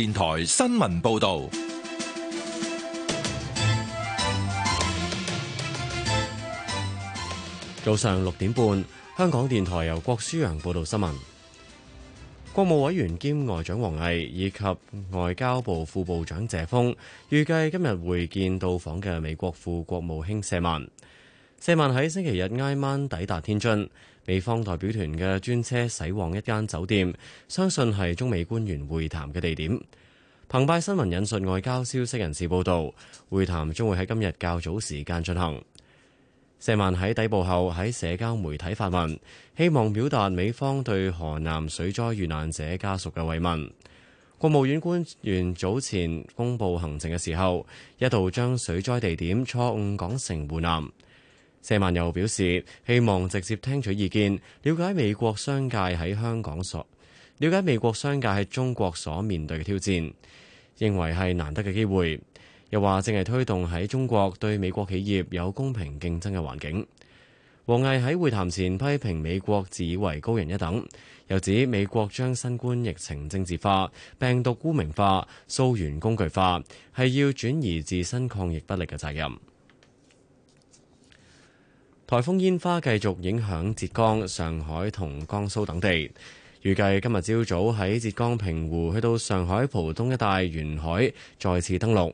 電台新聞報道。早上六點半，香港電台由郭舒揚報道新聞。國務委員兼外長王毅以及外交部副部長謝鋒預計今日會見到訪嘅美國副國務卿謝曼。謝曼喺星期日挨晚抵達天津。美方代表團嘅專車駛往一間酒店，相信係中美官員會談嘅地點。澎湃新聞引述外交消息人士報道，會談將會喺今日較早時間進行。謝萬喺抵步後喺社交媒體發文，希望表達美方對河南水災遇難者家屬嘅慰問。國務院官員早前公布行程嘅時候，一度將水災地點錯誤講成湖南。謝曼又表示，希望直接聽取意見，了解美國商界喺香港所了解美國商界喺中國所面對嘅挑戰，認為係難得嘅機會。又話淨係推動喺中國對美國企業有公平競爭嘅環境。王毅喺會談前批評美國自以為高人一等，又指美國將新冠疫情政治化、病毒污名化、溯源工具化，係要轉移自身抗疫不力嘅責任。台風煙花繼續影響浙江、上海同江蘇等地，預計今日朝早喺浙江平湖去到上海浦東一帶沿海再次登陸，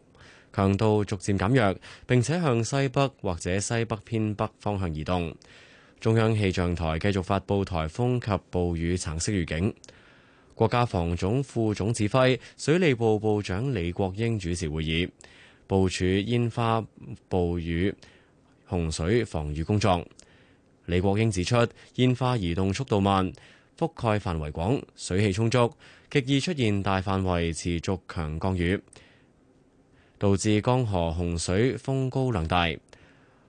強度逐漸減弱，並且向西北或者西北偏北方向移動。中央氣象台繼續發布台風及暴雨橙色預警。國家防總副總指揮、水利部部長李國英主持會議，部署煙花暴雨。洪水防禦工作，李國英指出，煙花移動速度慢，覆蓋範圍廣，水氣充足，極易出現大範圍持續強降雨，導致江河洪水風高量大，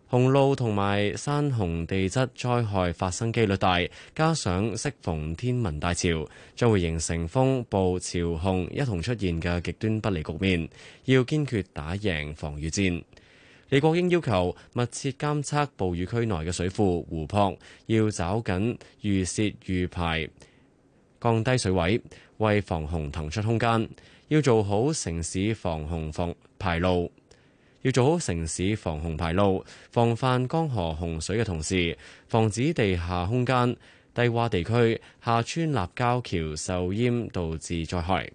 洪澇同埋山洪地質災害發生機率大，加上適逢天文大潮，將會形成風暴潮洪一同出現嘅極端不利局面，要堅決打贏防禦戰。李國英要求密切監測暴雨區內嘅水庫、湖泊，要找緊預洩預排，降低水位，為防洪騰出空間；要做好城市防洪防排澇，要做好城市防洪排澇，防範江河洪水嘅同時，防止地下空間、低窪地區、下穿立交橋受淹導致災害。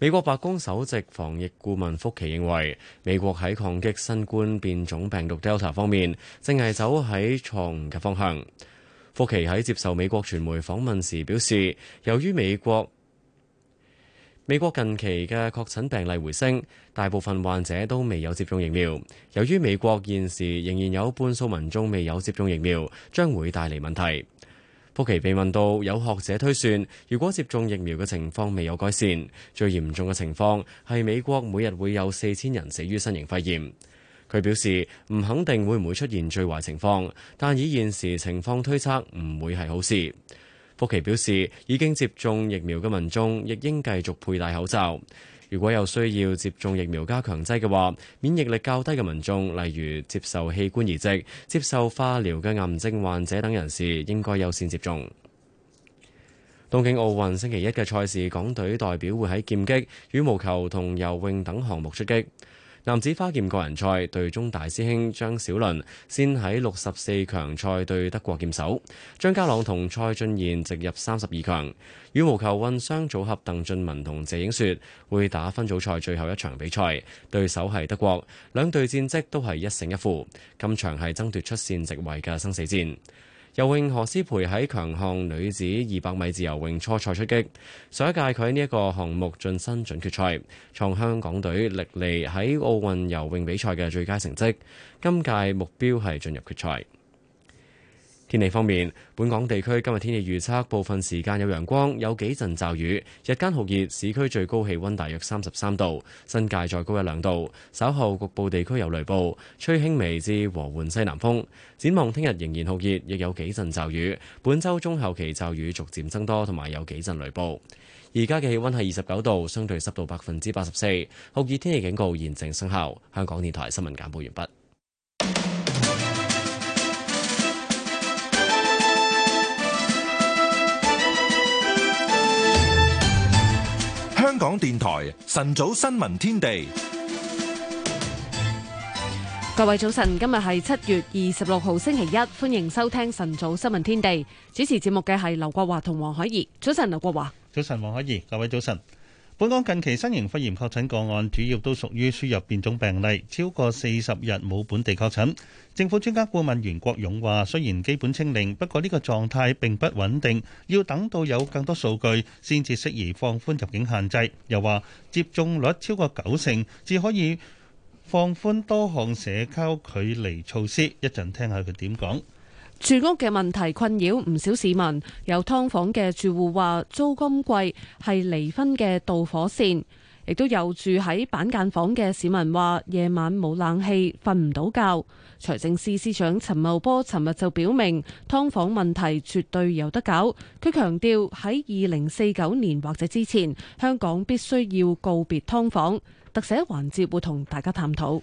美國白宮首席防疫顧問福奇認為，美國喺抗擊新冠變種病毒 Delta 方面，正係走喺錯誤嘅方向。福奇喺接受美國傳媒訪問時表示，由於美國美國近期嘅確診病例回升，大部分患者都未有接種疫苗。由於美國現時仍然有半數民眾未有接種疫苗，將會帶嚟問題。福奇被問到有學者推算，如果接種疫苗嘅情況未有改善，最嚴重嘅情況係美國每日會有四千人死於新型肺炎。佢表示唔肯定會唔會出現最壞情況，但以現時情況推測唔會係好事。福奇表示，已經接種疫苗嘅民眾亦應繼續佩戴口罩。如果有需要接種疫苗加強劑嘅話，免疫力較低嘅民眾，例如接受器官移植、接受化療嘅癌症患者等人士，應該優先接種。東京奧運星期一嘅賽事，港隊代表會喺劍擊、羽毛球同游泳等項目出擊。男子花劍個人賽對中大師兄張小倫，先喺六十四強賽對德國劍手張家朗同蔡俊賢直入三十二強。羽毛球混雙組合鄧俊文同謝影雪會打分組賽最後一場比賽，對手係德國，兩隊戰績都係一勝一負，今場係爭奪出線席位嘅生死戰。游泳何詩蓓喺強項女子二百米自由泳初賽出擊，上一屆佢喺呢一個項目晉身準決賽，創香港隊歷嚟喺奧運游泳比賽嘅最佳成績。今屆目標係進入決賽。天氣方面，本港地區今日天，天氣預測，部分時間有陽光，有幾陣驟雨，日間酷熱，市區最高氣溫大約三十三度，新界再高一兩度。稍後局部地區有雷暴，吹輕微至和緩西南風。展望聽日仍然酷熱，亦有幾陣驟雨。本周中後期驟雨逐漸增多，同埋有幾陣雷暴。而家嘅氣溫係二十九度，相對濕度百分之八十四，酷熱天氣警告現正生效。香港電台新聞簡報完畢。香港電台晨早新聞天地，各位早晨，今日係七月二十六號星期一，歡迎收聽晨早新聞天地。主持節目嘅係劉國華同黃海怡。早晨，劉國華。早晨，黃海怡。各位早晨。本港近期新型肺炎確診個案主要都屬於輸入變種病例，超過四十日冇本地確診，政府專家顧問袁國勇話雖然基本清零，不過呢個狀態並不穩定，要等到有更多數據先至適宜放寬入境限制。又話接種率超過九成，至可以放寬多項社交距離措施。一陣聽下佢點講。住屋嘅問題困擾唔少市民，有㓥房嘅住戶話租金貴係離婚嘅導火線，亦都有住喺板間房嘅市民話夜晚冇冷氣，瞓唔到覺。財政司司長陳茂波尋日就表明，劏房問題絕對有得搞，佢強調喺二零四九年或者之前，香港必須要告別㓥房。特寫環節會同大家探討。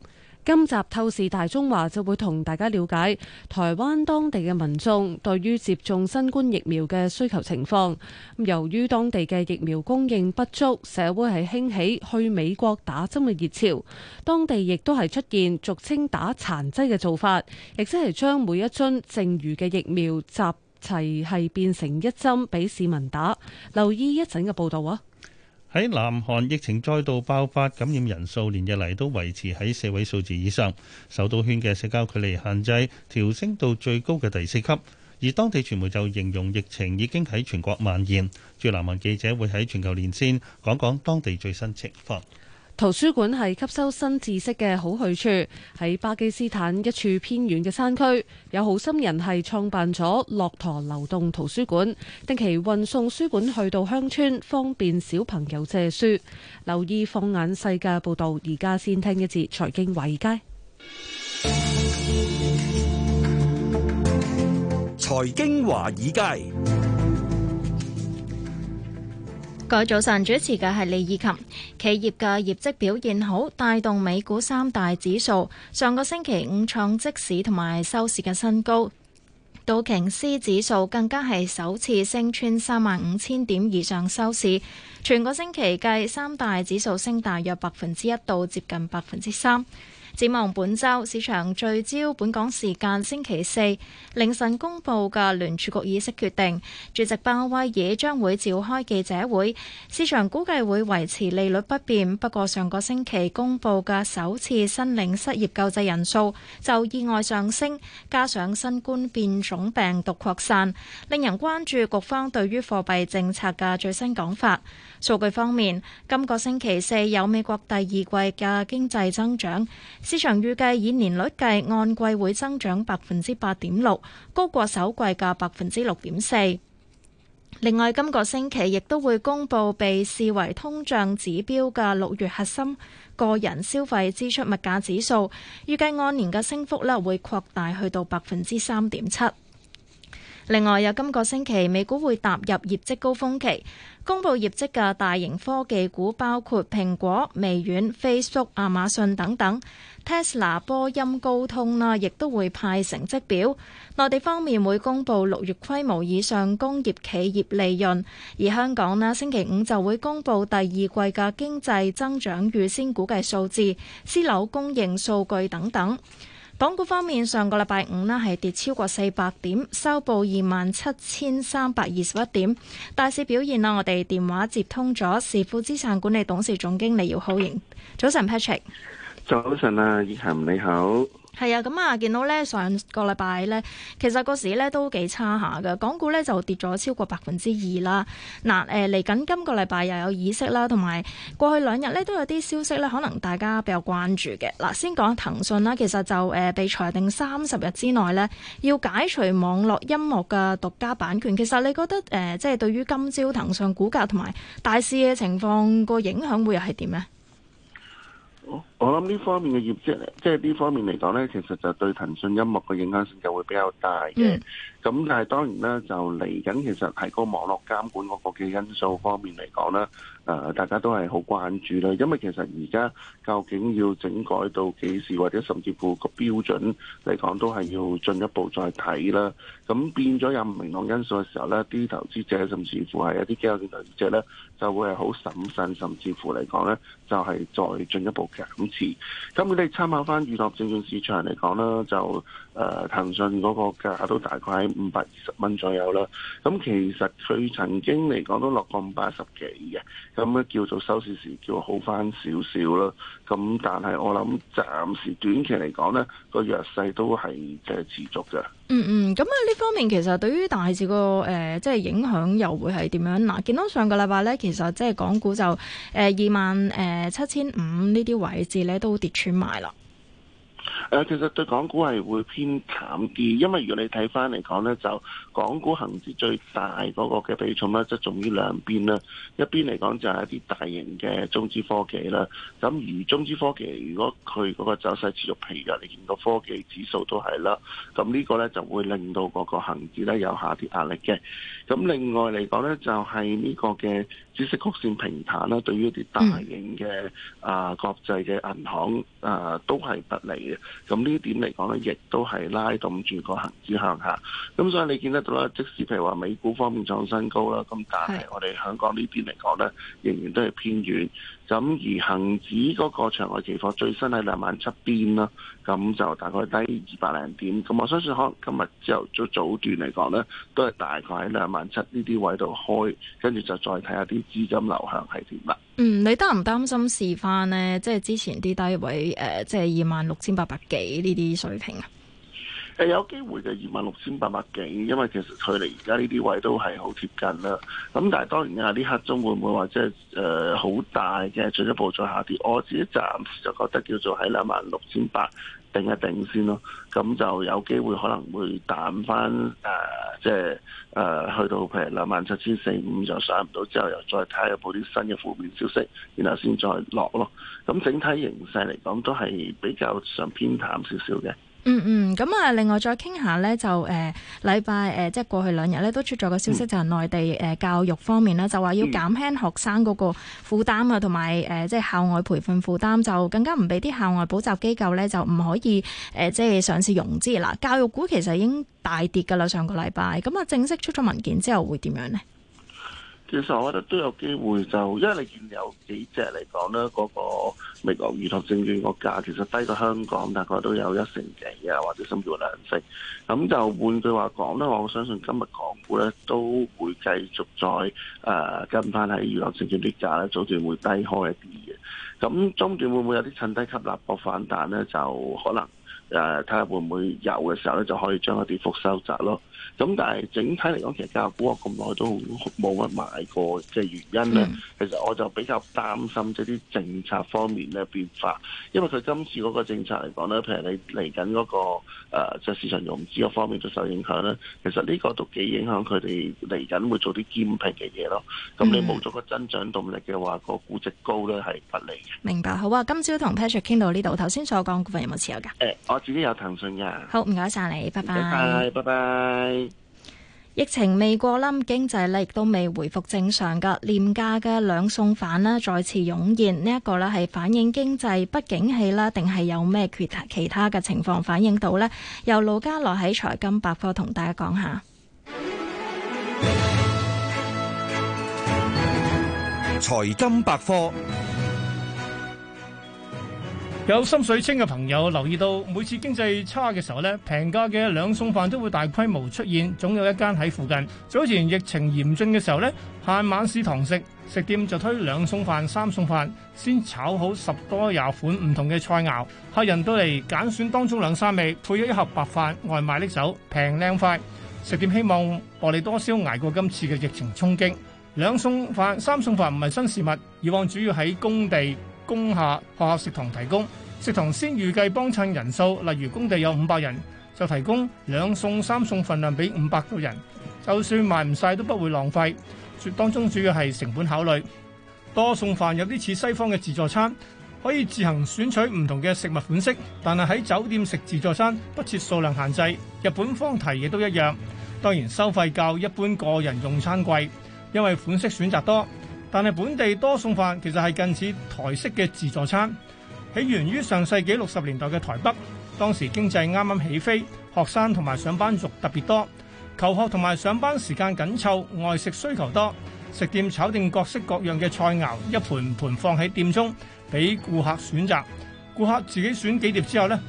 今集透視大中華就會同大家了解台灣當地嘅民眾對於接種新冠疫苗嘅需求情況。由於當地嘅疫苗供應不足，社會係興起去美國打針嘅熱潮，當地亦都係出現俗稱打殘劑嘅做法，亦即係將每一樽剩餘嘅疫苗集齊係變成一針俾市民打。留意一陣嘅報道啊！喺南韓疫情再度爆發，感染人數連日嚟都維持喺四位數字以上，首都圈嘅社交距離限制調升到最高嘅第四級，而當地傳媒就形容疫情已經喺全國蔓延。駐南韓記者會喺全球連線講講當地最新情況。圖書館係吸收新知識嘅好去處。喺巴基斯坦一處偏遠嘅山區，有好心人係創辦咗駱駝流動圖書館，定期運送書本去到鄉村，方便小朋友借書。留意放眼世界報道，而家先聽一節財經華爾街。財經華爾街。今早晨主持嘅係李以琴。企業嘅業績表現好，帶動美股三大指數上個星期五創即市同埋收市嘅新高。道瓊斯指數更加係首次升穿三萬五千點以上收市。全個星期計三大指數升大約百分之一到接近百分之三。展望本週，市場聚焦本港時間星期四凌晨公布嘅聯儲局議息決定。主席鮑威爾將會召開記者會，市場估計會維持利率不變，不過上個星期公布嘅首次申領失業救濟人數就意外上升，加上新冠變種病毒擴散，令人關注局方對於貨幣政策嘅最新講法。數據方面，今個星期四有美國第二季嘅經濟增長。市場預計以年率計，按季會增長百分之八點六，高過首季嘅百分之六點四。另外，今個星期亦都會公布被視為通脹指標嘅六月核心個人消費支出物價指數，預計按年嘅升幅咧會擴大去到百分之三點七。另外，有今個星期美股會踏入業績高峰期，公布業績嘅大型科技股包括蘋果、微軟、Facebook、亞馬遜等等。Tesla、波音、高通啦，亦都會派成績表。內地方面會公布六月規模以上工業企業利潤，而香港呢星期五就會公布第二季嘅經濟增長預先估計數字、私樓供應數據等等。港股方面，上個禮拜五呢係跌超過四百點，收報二萬七千三百二十一點。大市表現啦，我哋電話接通咗，時富資產管理董事總經理姚浩瑩。早晨，Patrick。早晨啊，葉涵你好。係啊，咁啊，見到咧上個禮拜咧，其實個市咧都幾差下㗎，港股咧就跌咗超過百分之二啦。嗱、啊，誒嚟緊今個禮拜又有議息啦，同埋過去兩日咧都有啲消息咧，可能大家比較關注嘅。嗱、啊，先講騰訊啦，其實就誒、呃、被裁定三十日之內咧要解除網絡音樂嘅獨家版權。其實你覺得誒、呃、即係對於今朝騰訊股價同埋大市嘅情況個影響會又係點呢？我諗呢方面嘅業績，即係呢方面嚟講咧，其實就對騰訊音樂嘅影響性就會比較大嘅。咁、嗯、但係當然啦，就嚟緊其實提高網絡監管嗰個嘅因素方面嚟講咧。誒、呃，大家都係好關注啦，因為其實而家究竟要整改到幾時，或者甚至乎個標準嚟講，都係要進一步再睇啦。咁變咗有唔明朗因素嘅時候，呢啲投資者，甚至乎係一啲機構嘅投資者呢就會係好審慎，甚至乎嚟講呢，就係、是、再進一步減持。咁你哋參考翻預託證券市場嚟講啦，就。誒、uh，騰訊嗰個價都大概喺五百二十蚊左右啦。咁其實佢曾經嚟講都落過五百十幾嘅，咁咧叫做收市時叫好翻少少啦。咁但係我諗暫時短期嚟講呢、個弱勢都係即係持續嘅。嗯嗯，咁啊呢方面其實對於大市個誒即係影響又會係點樣？嗱、啊，見到上個禮拜咧，其實即係港股就誒二萬誒七千五呢啲位置咧都跌穿埋啦。誒、呃，其實對港股係會偏淡啲，因為如果你睇翻嚟講咧，就港股恒指最大嗰個嘅比重咧，即係重於兩邊啦。一邊嚟講就係一啲大型嘅中資科技啦，咁而中資科技如果佢嗰個走勢持續疲弱，你見到科技指數都係啦，咁呢個咧就會令到嗰個恒指咧有下跌壓力嘅。咁另外嚟講咧，就係、是、呢個嘅。利息曲線平坦啦，對於一啲大型嘅啊國際嘅銀行啊，嗯、都係不利嘅。咁呢一點嚟講咧，亦都係拉動住個恒指向下。咁所以你見得到啦，即使譬如話美股方面創新高啦，咁但係我哋香港呢邊嚟講咧，仍然都係偏軟。咁而恒指嗰個場外期貨最新喺兩萬七邊啦，咁就大概低二百零點。咁我相信可能今日朝頭早早段嚟講咧，都係大概喺兩萬七呢啲位度開，跟住就再睇下啲資金流向係點啦。嗯，你擔唔擔心試翻咧？即係之前啲低位誒、呃，即係二萬六千八百幾呢啲水平啊？係有機會嘅二萬六千八百幾，因為其實距離而家呢啲位都係好貼近啦。咁但係當然啊，呢一刻中會唔會或者係誒好大嘅進一步再下跌？我自己暫時就覺得叫做喺兩萬六千八定一定先咯。咁就有機會可能會彈返誒，即係誒、呃、去到譬如兩萬七千四五，就上唔到之後，又再睇下報啲新嘅負面消息，然後先再落咯。咁整體形勢嚟講，都係比較上偏淡少少嘅。嗯嗯，咁啊，另外再傾下咧，就誒禮拜誒，即係過去兩日咧，都出咗個消息，嗯、就係內地誒教育方面啦，就話要減輕學生嗰個負擔啊，同埋誒即係校外培訓負擔，就更加唔俾啲校外補習機構咧，就唔可以誒、呃、即係上市融資啦。教育股其實已經大跌噶啦，上個禮拜。咁啊，正式出咗文件之後會點樣咧？其實我覺得都有機會就，就因為你見有幾隻嚟講咧，嗰、那個美國預託證券個價其實低過香港，大概都有一成幾啊，或者甚至兩成。咁就換句話講咧，我相信今日港股咧都會繼續再誒、呃、跟翻喺預託證券啲價咧，早段會低開一啲嘅。咁中段會唔會有啲趁低吸納博反彈咧？就可能誒睇下會唔會有嘅時候咧，就可以將個跌幅收窄咯。咁但係整體嚟講，其實教育股揸咁耐都冇乜買過，即係原因咧，mm hmm. 其實我就比較擔心即係啲政策方面嘅變化，因為佢今次嗰個政策嚟講咧，譬如你嚟緊嗰個。誒、啊，即係、市場融資嗰方面都受影響啦。其實呢個都幾影響佢哋嚟緊會做啲兼併嘅嘢咯。咁你冇咗個增長動力嘅話，個估值高咧係不利嘅、嗯。明白，好啊。今朝同 Patrick 傾到呢度，頭先所講股份有冇持有噶？誒、欸，我自己有騰訊噶。好，唔該晒你，拜拜。拜拜，拜拜。疫情未過冧，經濟力亦都未回復正常噶，廉價嘅兩送飯咧再次湧現，呢、這、一個咧係反映經濟不景氣啦，定係有咩其他其他嘅情況反映到呢？由盧家樂喺財金百科同大家講下。財金百科。有心水清嘅朋友留意到，每次經濟差嘅時候呢，平價嘅兩餸飯都會大規模出現，總有一間喺附近。早前疫情嚴峻嘅時候呢，限晚市堂食，食店就推兩餸飯、三餸飯，先炒好十多廿款唔同嘅菜餚。客人到嚟揀選當中兩三味，配咗一盒白飯外賣拎走，平靚快。食店希望薄利多銷，捱過今次嘅疫情衝擊。兩餸飯、三餸飯唔係新事物，以往主要喺工地、工廈、學校食堂提供。食堂先預計幫襯人數，例如工地有五百人，就提供兩餸三餸份量俾五百個人。就算賣唔晒，都不會浪費，當中主要係成本考慮。多餸飯有啲似西方嘅自助餐，可以自行選取唔同嘅食物款式。但係喺酒店食自助餐不設數量限制，日本放題嘅都一樣。當然收費較一般個人用餐貴，因為款式選擇多。但係本地多餸飯其實係近似台式嘅自助餐。起源於上世紀六十年代嘅台北，當時經濟啱啱起飛，學生同埋上班族特別多，求學同埋上班時間緊湊，外食需求多，食店炒定各式各樣嘅菜餚，一盤盤放喺店中俾顧客選擇，顧客自己選幾碟之後呢，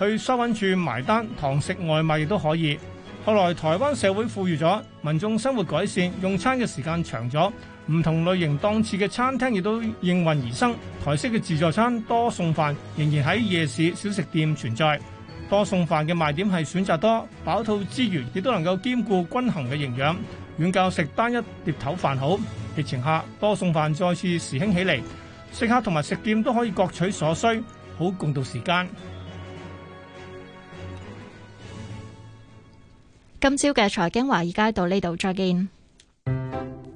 去收銀處埋單，堂食外賣亦都可以。後來台灣社會富裕咗，民眾生活改善，用餐嘅時間長咗。唔同類型檔次嘅餐廳亦都應運而生，台式嘅自助餐多餸飯仍然喺夜市小食店存在。多餸飯嘅賣點係選擇多，飽肚之餘亦都能夠兼顧均衡嘅營養，遠較食單一碟頭飯好。疫情下，多餸飯再次時興起嚟，食客同埋食店都可以各取所需，好共度時艱。今朝嘅財經華爾街到呢度，再見。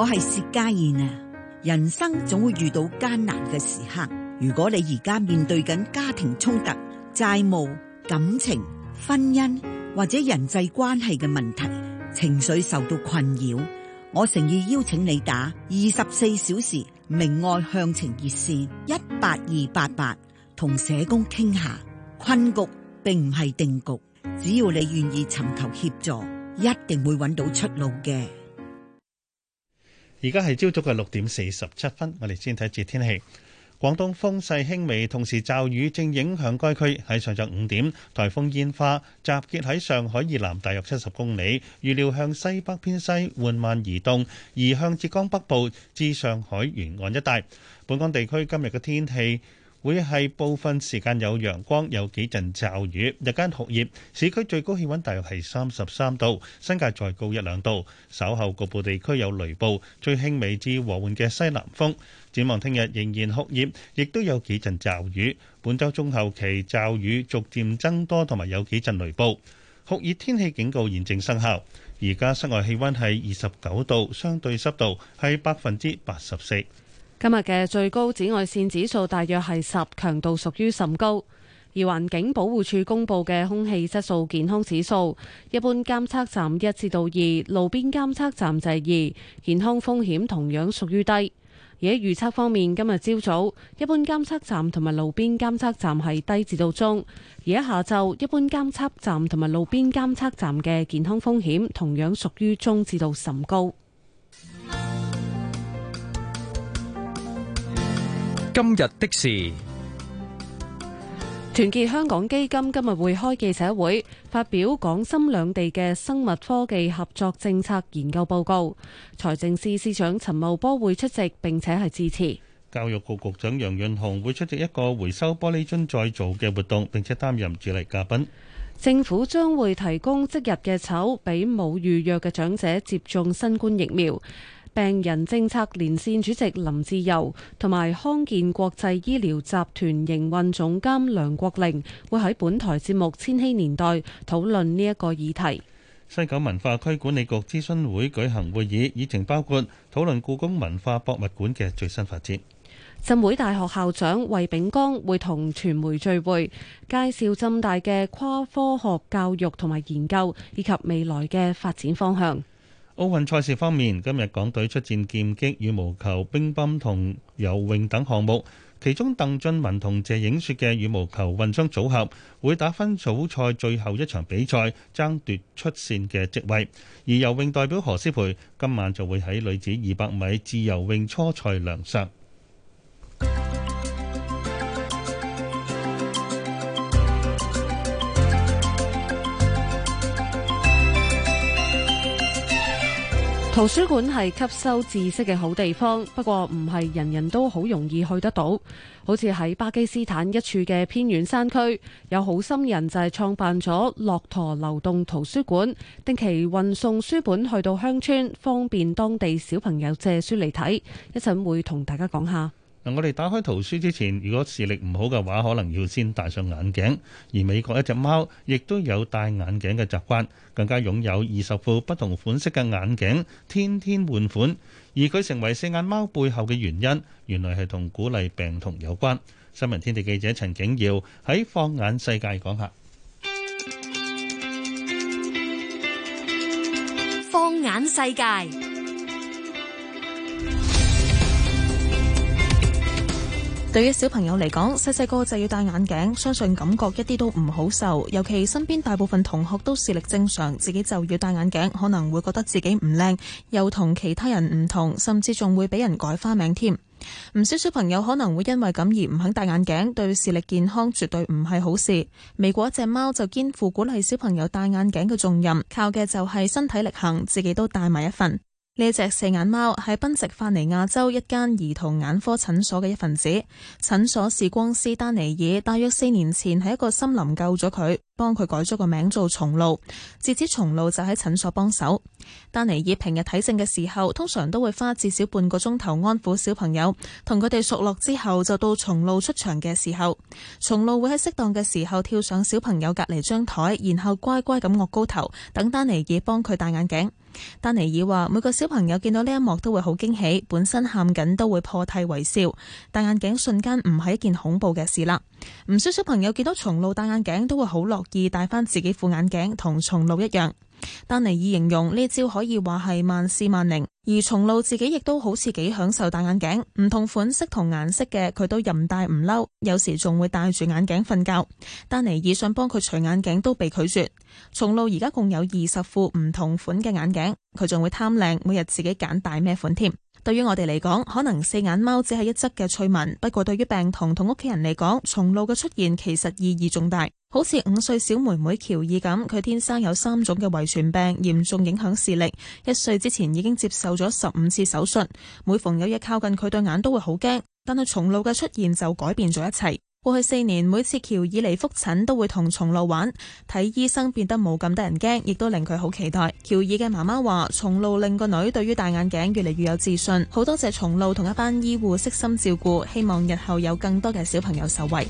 我係薛家燕啊！人生總會遇到艱難嘅時刻。如果你而家面對緊家庭衝突、債務、感情、婚姻或者人際關係嘅問題，情緒受到困擾，我誠意邀請你打二十四小時明愛向情熱線一八二八八，同社工傾下。困局並唔係定局，只要你願意尋求協助，一定會搵到出路嘅。而家係朝早嘅六點四十七分，我哋先睇一節天氣。廣東風勢輕微，同時驟雨正影響該區。喺上晝五點，颱風煙花集結喺上海以南大約七十公里，預料向西北偏西緩慢移動，移向浙江北部至上海沿岸一帶。本港地區今日嘅天氣。會係部分時間有陽光，有幾陣驟雨，日間酷熱，市區最高氣溫大約係三十三度，新界再高一兩度。稍後局部地區有雷暴，最輕微至和緩嘅西南風。展望聽日仍然酷熱，亦都有幾陣驟雨。本周中後期驟雨逐漸增多，同埋有幾陣雷暴。酷熱天氣警告現正生效。而家室外氣溫係二十九度，相對濕度係百分之八十四。今日嘅最高紫外線指數大約係十，強度屬於甚高。而環境保護署公布嘅空氣質素健康指數，一般監測站一至到二，路邊監測站就係二，健康風險同樣屬於低。而喺預測方面，今日朝早一般監測站同埋路邊監測站係低至到中，而喺下晝一般監測站同埋路邊監測站嘅健康風險同樣屬於中至到甚高。今日的事，團結香港基金今日會開記者會，發表港深兩地嘅生物科技合作政策研究報告。財政司司長陳茂波會出席，並且係致辭。教育局局長楊潤雄會出席一個回收玻璃樽再造嘅活動，並且擔任主禮嘉賓。政府將會提供即日嘅籌俾冇預約嘅長者接種新冠疫苗。病人政策連線主席林志由同埋康健國際醫療集團營運總監梁國玲會喺本台節目《千禧年代》討論呢一個議題。西九文化區管理局諮詢會舉行會議，議程包括討論故宮文化博物館嘅最新發展。浸會大學校長衛炳江會同傳媒聚會，介紹浸大嘅跨科學教育同埋研究以及未來嘅發展方向。奧運賽事方面，今日港隊出戰劍擊、羽毛球、乒乓同游泳等項目，其中鄧俊文同謝影雪嘅羽毛球混雙組合會打分組賽最後一場比賽，爭奪出線嘅席位。而游泳代表何詩蓓今晚就會喺女子二百米自由泳初賽亮相。圖書館係吸收知識嘅好地方，不過唔係人人都好容易去得到。好似喺巴基斯坦一處嘅偏遠山區，有好心人就係創辦咗駱駝流動圖書館，定期運送書本去到鄉村，方便當地小朋友借書嚟睇。一陣會同大家講下。嗱，我哋打開圖書之前，如果視力唔好嘅話，可能要先戴上眼鏡。而美國一隻貓亦都有戴眼鏡嘅習慣，更加擁有二十副不同款式嘅眼鏡，天天換款。而佢成為四眼貓背後嘅原因，原來係同鼓勵病童有關。新聞天地記者陳景耀喺《放眼世界》講下《放眼世界》。對於小朋友嚟講，細細個就要戴眼鏡，相信感覺一啲都唔好受。尤其身邊大部分同學都視力正常，自己就要戴眼鏡，可能會覺得自己唔靚，又同其他人唔同，甚至仲會俾人改花名添。唔少小朋友可能會因為咁而唔肯戴眼鏡，對視力健康絕對唔係好事。美國一隻貓就肩負鼓勵小朋友戴眼鏡嘅重任，靠嘅就係身體力行，自己都戴埋一份。呢隻四眼貓係賓夕法尼亞州一間兒童眼科診所嘅一份子。診所視光師丹尼爾大約四年前喺一個森林救咗佢，幫佢改咗個名做松露。自此，松露就喺診所幫手。丹尼爾平日睇症嘅時候，通常都會花至少半個鐘頭安撫小朋友，同佢哋熟絡之後，就到松露出場嘅時候。松露會喺適當嘅時候跳上小朋友隔籬張台，然後乖乖咁岳高頭，等丹尼爾幫佢戴眼鏡。丹尼爾話：每個小朋友見到呢一幕都會好驚喜，本身喊緊都會破涕為笑，戴眼鏡瞬間唔係一件恐怖嘅事啦。唔少小朋友見到松露戴眼鏡都會好樂意戴翻自己副眼鏡同松露一樣。丹尼爾形容呢招可以話係萬試萬靈，而松露自己亦都好似幾享受戴眼鏡，唔同款式同顏色嘅佢都任戴唔嬲，有時仲會戴住眼鏡瞓覺。丹尼爾想幫佢除眼鏡都被拒絕。松露而家共有二十副唔同款嘅眼鏡，佢仲會貪靚，每日自己揀戴咩款添。對於我哋嚟講，可能四眼貓只係一則嘅趣聞。不過對於病童同屋企人嚟講，松露嘅出現其實意義重大。好似五歲小妹妹喬爾咁，佢天生有三種嘅遺傳病，嚴重影響視力，一歲之前已經接受咗十五次手術。每逢有嘢靠近佢對眼都會好驚，但係松露嘅出現就改變咗一切。過去四年，每次喬爾嚟複診都會同松露玩，睇醫生變得冇咁得人驚，亦都令佢好期待。喬爾嘅媽媽話：松露令個女對於戴眼鏡越嚟越有自信，好多謝松露同一班醫護悉心照顧，希望日後有更多嘅小朋友受惠。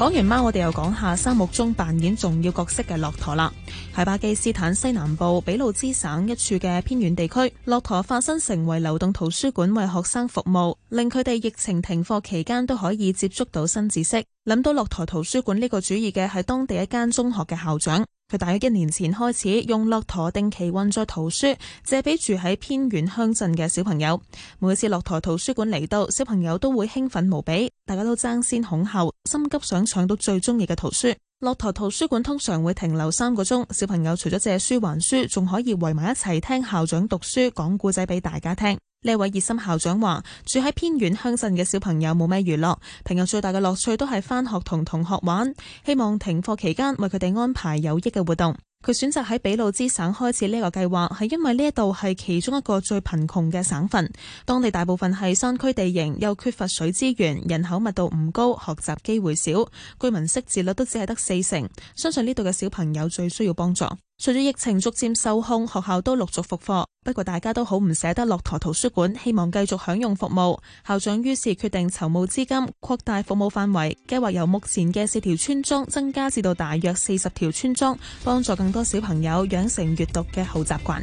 講完貓，我哋又講下沙漠中扮演重要角色嘅駱駝啦。喺巴基斯坦西南部俾路支省一處嘅偏遠地區，駱駝化身成為流動圖書館，為學生服務，令佢哋疫情停課期間都可以接觸到新知識。諗到駱駝圖書館呢個主意嘅，係當地一間中學嘅校長。佢大約一年前開始用駱駝定期運載圖書借俾住喺偏遠鄉鎮嘅小朋友。每次駱駝圖書館嚟到，小朋友都會興奮無比，大家都爭先恐後，心急想搶到最中意嘅圖書。駱駝圖書館通常會停留三個鐘，小朋友除咗借書還書，仲可以圍埋一齊聽校長讀書、講故仔俾大家聽。呢位熱心校長話：住喺偏遠鄉鎮嘅小朋友冇咩娛樂，平日最大嘅樂趣都係翻學同同學玩。希望停課期間為佢哋安排有益嘅活動。佢選擇喺比魯茲省開始呢個計劃，係因為呢一度係其中一個最貧窮嘅省份，當地大部分係山區地形，又缺乏水資源，人口密度唔高，學習機會少，居民識字率都只係得四成。相信呢度嘅小朋友最需要幫助。隨住疫情逐漸受控，學校都陸續復課。不過大家都好唔捨得駱駝圖書館，希望繼續享用服務。校長於是決定籌募資金，擴大服務範圍，計劃由目前嘅四條村莊增加至到大約四十條村莊，幫助更多小朋友養成閱讀嘅好習慣。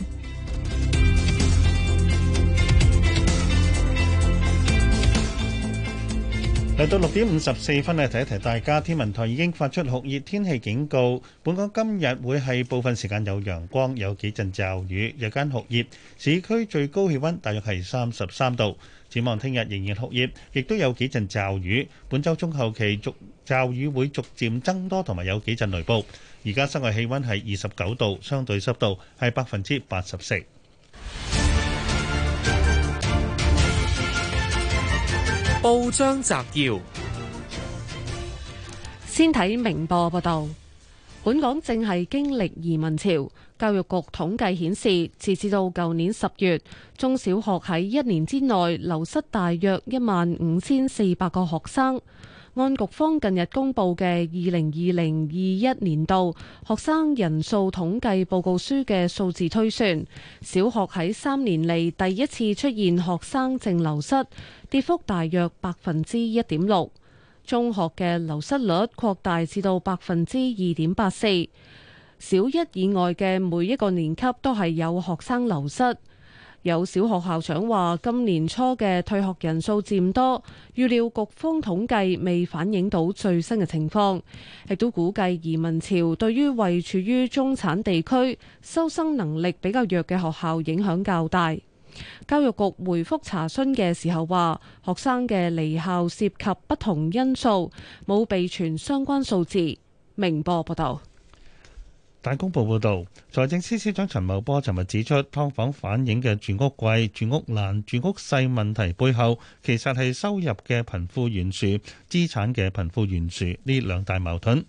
嚟到六點五十四分，呢提一提大家，天文台已經發出酷熱天氣警告。本港今日會係部分時間有陽光，有幾陣驟雨，日間酷熱。市區最高氣温大約係三十三度。展望聽日仍然酷熱，亦都有幾陣驟雨。本周中後期逐驟雨會逐漸增多，同埋有幾陣雷暴。而家室外氣温係二十九度，相對濕度係百分之八十四。報章摘要：先睇明報報道。本港正係經歷移民潮，教育局統計顯示，截至到舊年十月，中小學喺一年之內流失大約一萬五千四百個學生。按局方近日公布嘅二零二零二一年度學生人數統計報告書嘅數字推算，小學喺三年嚟，第一次出現學生淨流失，跌幅大約百分之一點六；中學嘅流失率擴大至到百分之二點八四，小一以外嘅每一個年級都係有學生流失。有小學校長話，今年初嘅退學人數漸多，預料局方統計未反映到最新嘅情況，亦都估計移民潮對於位處於中產地區、收生能力比較弱嘅學校影響較大。教育局回覆查詢嘅時候話，學生嘅離校涉及不同因素，冇備存相關數字。明報報道。大公報報導，財政司司長陳茂波尋日指出，劏房反映嘅住屋貴、住屋難、住屋細問題背後，其實係收入嘅貧富懸殊、資產嘅貧富懸殊呢兩大矛盾。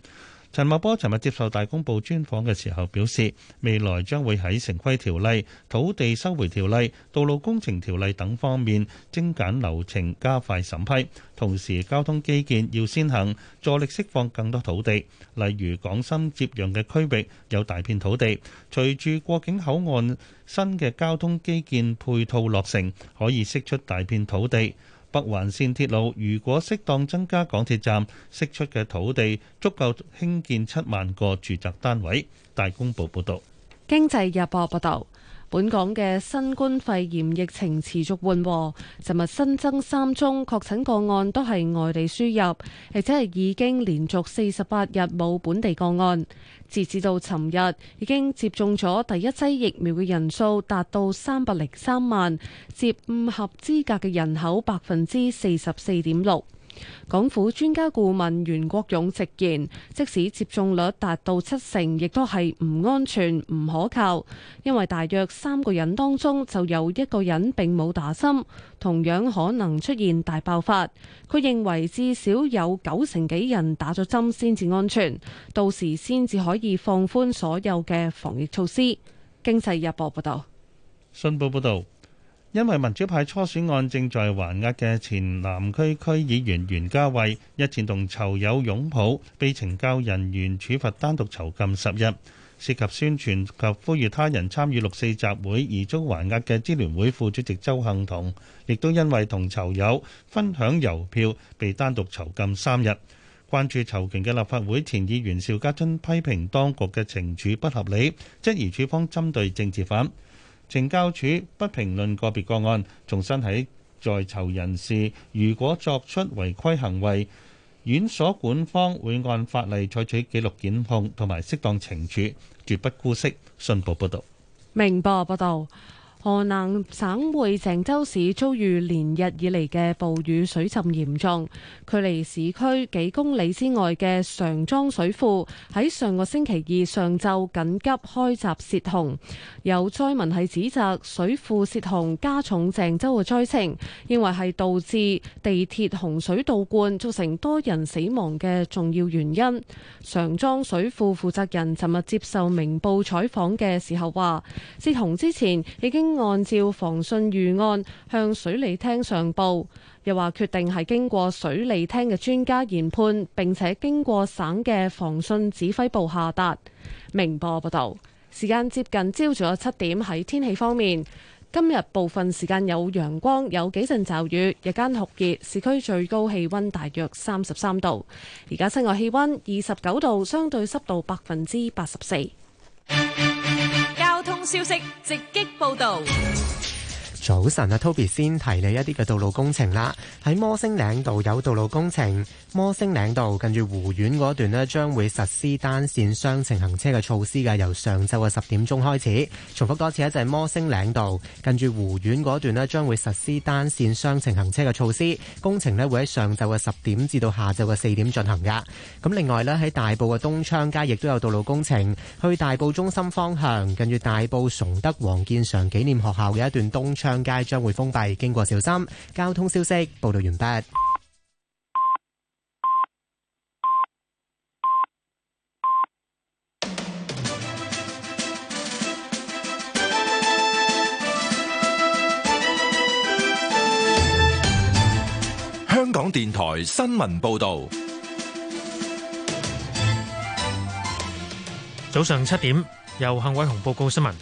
陳茂波尋日接受《大公報》專訪嘅時候表示，未來將會喺城規條例、土地收回條例、道路工程條例等方面精簡流程、加快審批，同時交通基建要先行，助力釋放更多土地。例如港深接壤嘅區域有大片土地，隨住過境口岸新嘅交通基建配套落成，可以釋出大片土地。北環線鐵路如果適當增加港鐵站釋出嘅土地，足夠興建七萬個住宅單位。大公報報導。經濟日報報導。本港嘅新冠肺炎疫情持續緩和，尋日新增三宗確診個案都係外地輸入，而且係已經連續四十八日冇本地個案。截至到尋日，已經接種咗第一劑疫苗嘅人數達到三百零三萬，接五合資格嘅人口百分之四十四點六。港府專家顧問袁國勇直言，即使接種率達到七成，亦都係唔安全、唔可靠，因為大約三個人當中就有一個人並冇打針，同樣可能出現大爆發。佢認為至少有九成幾人打咗針先至安全，到時先至可以放寬所有嘅防疫措施。經濟日報報道。信報報導。因為民主派初選案正在還押嘅前南區區議員袁嘉蔚，日前同囚友擁抱，被懲教人員處罰單獨囚禁十日；涉及宣傳及呼籲他人參與六四集會而遭還押嘅支聯會副主席鄒幸彤，亦都因為同囚友分享郵票，被單獨囚禁三日。關注囚權嘅立法會前議員邵家臻批評當局嘅懲處不合理，質疑處方針對政治犯。.懲教署不評論個別個案，重申喺在，在囚人士如果作出違規行為，院所管方會按法例採取紀律檢控同埋適當懲處，絕不姑息。信報報道，明報報道。河南省會鄭州市遭遇連日以嚟嘅暴雨，水浸嚴重。距離市區幾公里之外嘅常莊水庫喺上個星期二上晝緊急開閘洩洪。有災民係指責水庫洩洪加重鄭州嘅災情，認為係導致地鐵洪水倒灌造成多人死亡嘅重要原因。常莊水庫負責人尋日接受明報採訪嘅時候話，洩洪之前已經。按照防汛預案向水利廳上報，又話決定係經過水利廳嘅專家研判，並且經過省嘅防汛指揮部下達。明報報道，時間接近朝早七點。喺天氣方面，今日部分時間有陽光，有幾陣驟雨，日間酷熱，市區最高氣溫大約三十三度。而家室外氣溫二十九度，相對濕度百分之八十四。消息直擊報導。早晨啊，Toby 先提你一啲嘅道路工程啦。喺摩星嶺道有道路工程，摩星嶺道近住湖苑嗰段咧，將會實施單線雙程行車嘅措施嘅。由上晝嘅十點鐘開始，重複多次咧，就係、是、摩星嶺道近住湖苑嗰段咧，將會實施單線雙程行車嘅措施。工程咧會喺上晝嘅十點至到下晝嘅四點進行噶。咁另外咧喺大埔嘅東昌街亦都有道路工程，去大埔中心方向近住大埔崇德黃建常紀念學校嘅一段東昌。街將會封閉，經過小心。交通消息報導完畢。香港電台新聞報導，早上七點由幸偉雄報告新聞。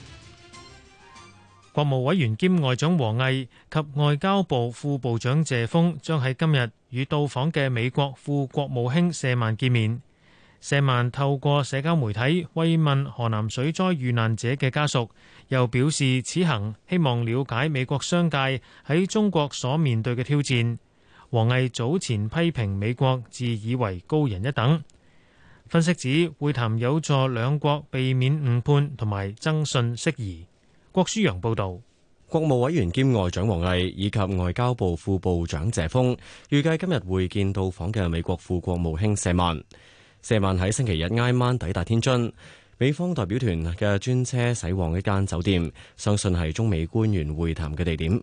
國務委員兼外長王毅及外交部副部長謝鋒將喺今日與到訪嘅美國副國務卿謝曼見面。謝曼透過社交媒體慰問河南水災遇難者嘅家屬，又表示此行希望了解美國商界喺中國所面對嘅挑戰。王毅早前批評美國自以為高人一等。分析指會談有助兩國避免誤判同埋增信釋疑。郭舒陽報道，國務委員兼外長王毅以及外交部副部長謝鋒預計今日會見到訪嘅美國副國務卿舍曼。舍曼喺星期日挨晚抵達天津，美方代表團嘅專車駛往一間酒店，相信係中美官員會談嘅地點。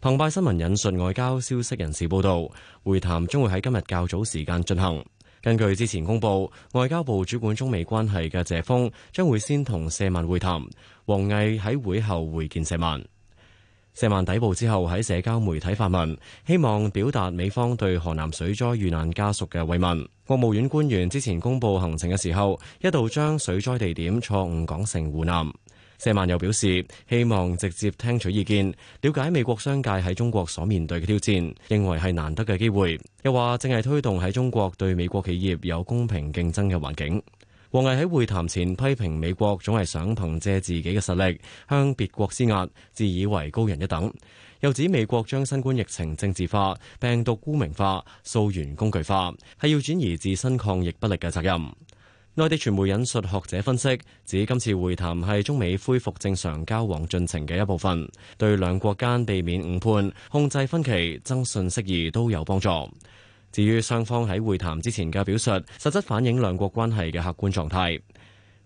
澎湃新聞引述外交消息人士報道，會談將會喺今日較早時間進行。根據之前公佈，外交部主管中美關係嘅謝鋒將會先同舍曼會談，王毅喺會後會見舍曼。舍曼抵埗之後喺社交媒體發文，希望表達美方對河南水災遇難家屬嘅慰問。國務院官員之前公佈行程嘅時候，一度將水災地點錯誤講成湖南。謝曼又表示，希望直接聽取意見，了解美國商界喺中國所面對嘅挑戰，認為係難得嘅機會。又話正係推動喺中國對美國企業有公平競爭嘅環境。王毅喺會談前批評美國總係想憑藉自己嘅實力，向別國施壓，自以為高人一等。又指美國將新冠疫情政治化、病毒污名化、溯源工具化，係要轉移自身抗疫不力嘅責任。內地傳媒引述學者分析，指今次會談係中美恢復正常交往進程嘅一部分，對兩國間避免誤判、控制分歧、增信釋疑都有幫助。至於雙方喺會談之前嘅表述，實質反映兩國關係嘅客觀狀態。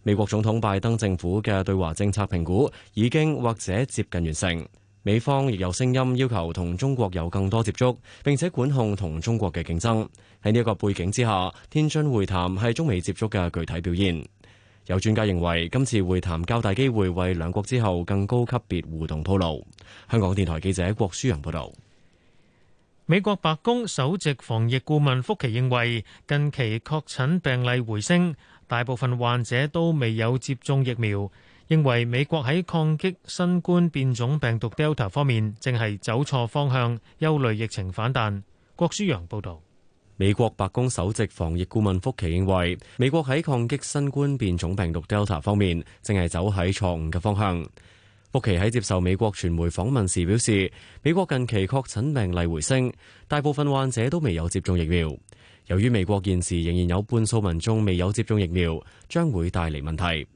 美國總統拜登政府嘅對華政策評估已經或者接近完成。美方亦有聲音要求同中國有更多接觸，並且管控同中國嘅競爭。喺呢一個背景之下，天津會談係中美接觸嘅具體表現。有專家認為，今次會談較大機會為兩國之後更高級別互動鋪路。香港電台記者郭舒揚報導。美國白宮首席防疫顧問福奇認為，近期確診病例回升，大部分患者都未有接種疫苗。認為美國喺抗擊新冠變種病毒 Delta 方面正係走錯方向，憂慮疫情反彈。郭書陽報道。美國白宮首席防疫顧問福奇認為，美國喺抗擊新冠變種病毒 Delta 方面正係走喺錯誤嘅方向。福奇喺接受美國傳媒訪問時表示，美國近期確診病例回升，大部分患者都未有接種疫苗。由於美國現時仍然有半數民眾未有接種疫苗，將會帶嚟問題。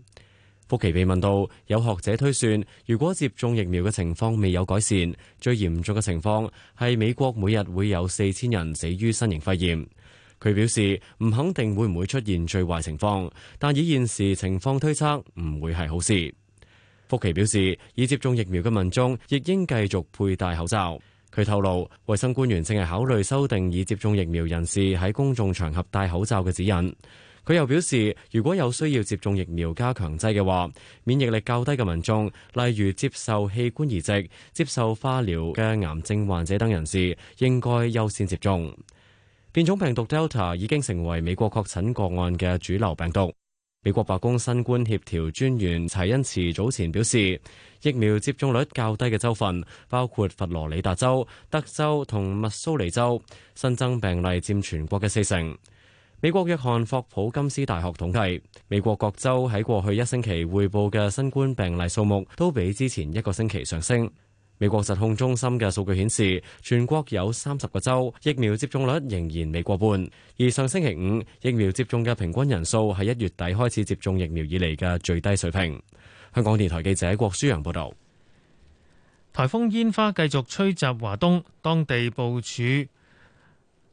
福奇被問到，有學者推算，如果接種疫苗嘅情況未有改善，最嚴重嘅情況係美國每日會有四千人死於新型肺炎。佢表示唔肯定會唔會出現最壞情況，但以現時情況推測唔會係好事。福奇表示，已接種疫苗嘅民眾亦應繼續佩戴口罩。佢透露，衛生官員正係考慮修訂已接種疫苗人士喺公眾場合戴口罩嘅指引。佢又表示，如果有需要接種疫苗加強劑嘅話，免疫力較低嘅民眾，例如接受器官移植、接受化療嘅癌症患者等人士，應該優先接種。變種病毒 Delta 已經成為美國確診個案嘅主流病毒。美國白宮新冠協調專員齊恩茨早前表示，疫苗接種率較低嘅州份，包括佛羅里達州、德州同密蘇里州，新增病例佔全國嘅四成。美國約翰霍普金斯大學統計，美國各州喺過去一星期匯報嘅新冠病例數目都比之前一個星期上升。美國疾控中心嘅數據顯示，全國有三十個州疫苗接種率仍然未過半，而上星期五疫苗接種嘅平均人數係一月底開始接種疫苗以嚟嘅最低水平。香港電台記者郭舒陽報道。台風煙花繼續吹襲華東，當地部署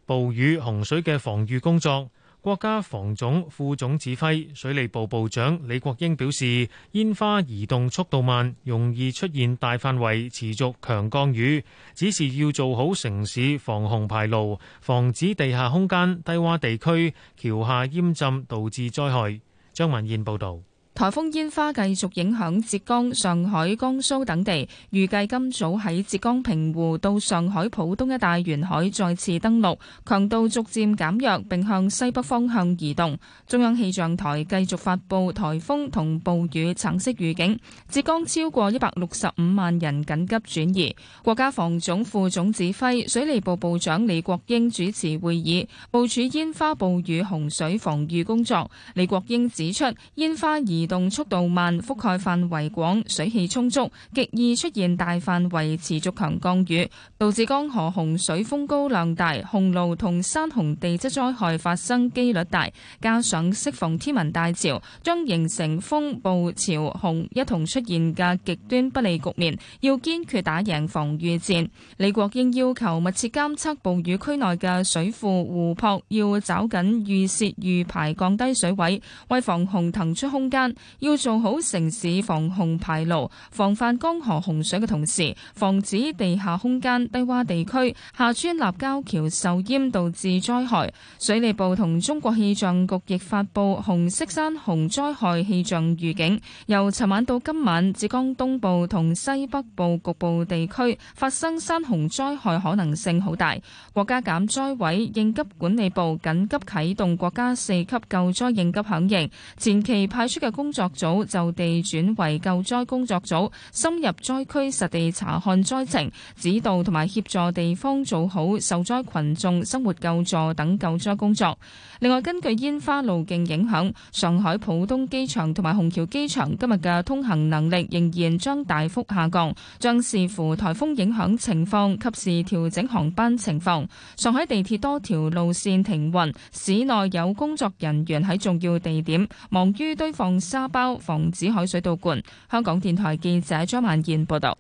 暴雨洪水嘅防禦工作。國家防總副總指揮、水利部部長李國英表示，煙花移動速度慢，容易出現大範圍持續強降雨，指示要做好城市防洪排澇，防止地下空間、低窪地區、橋下淹浸導致災害。張文燕報道。台風煙花繼續影響浙江、上海、江蘇等地，預計今早喺浙江平湖到上海浦東一帶沿海再次登陸，強度逐漸減弱，並向西北方向移動。中央氣象台繼續發佈台風同暴雨橙色預警，浙江超過一百六十五萬人緊急轉移。國家防總副總指揮、水利部部長李國英主持會議，部署煙花暴雨洪水防禦工作。李國英指出，煙花移動速度慢，覆蓋範圍廣，水汽充足，極易出現大範圍持續強降雨，導致江河洪水、風高浪大、洪澇同山洪地質災害發生幾率大。加上適逢天文大潮，將形成風暴潮、洪一同出現嘅極端不利局面，要堅決打贏防禦戰。李國英要求密切監測暴雨區內嘅水庫、湖泊，要抓緊預泄預排，降低水位，為防洪騰出空間。要做好城市防洪排澇，防範江河洪水嘅同時，防止地下空間、低窪地區、下穿立交橋受淹導致災害。水利部同中國氣象局亦發佈紅色山洪災害氣象預警。由尋晚到今晚，浙江東部同西北部局部地區發生山洪災害可能性好大。國家減災委應急管理部緊急啟動國家四級救災應急響應，前期派出嘅。工作組就地轉為救災工作組，深入災區實地查看災情，指導同埋協助地方做好受災群眾生活救助等救災工作。另外，根據煙花路徑影響，上海浦東機場同埋虹橋機場今日嘅通行能力仍然將大幅下降，將視乎台風影響情況，及時調整航班情況。上海地鐵多條路綫停運，市內有工作人員喺重要地點忙於堆放沙包防止海水倒灌。香港電台記者張萬健報道。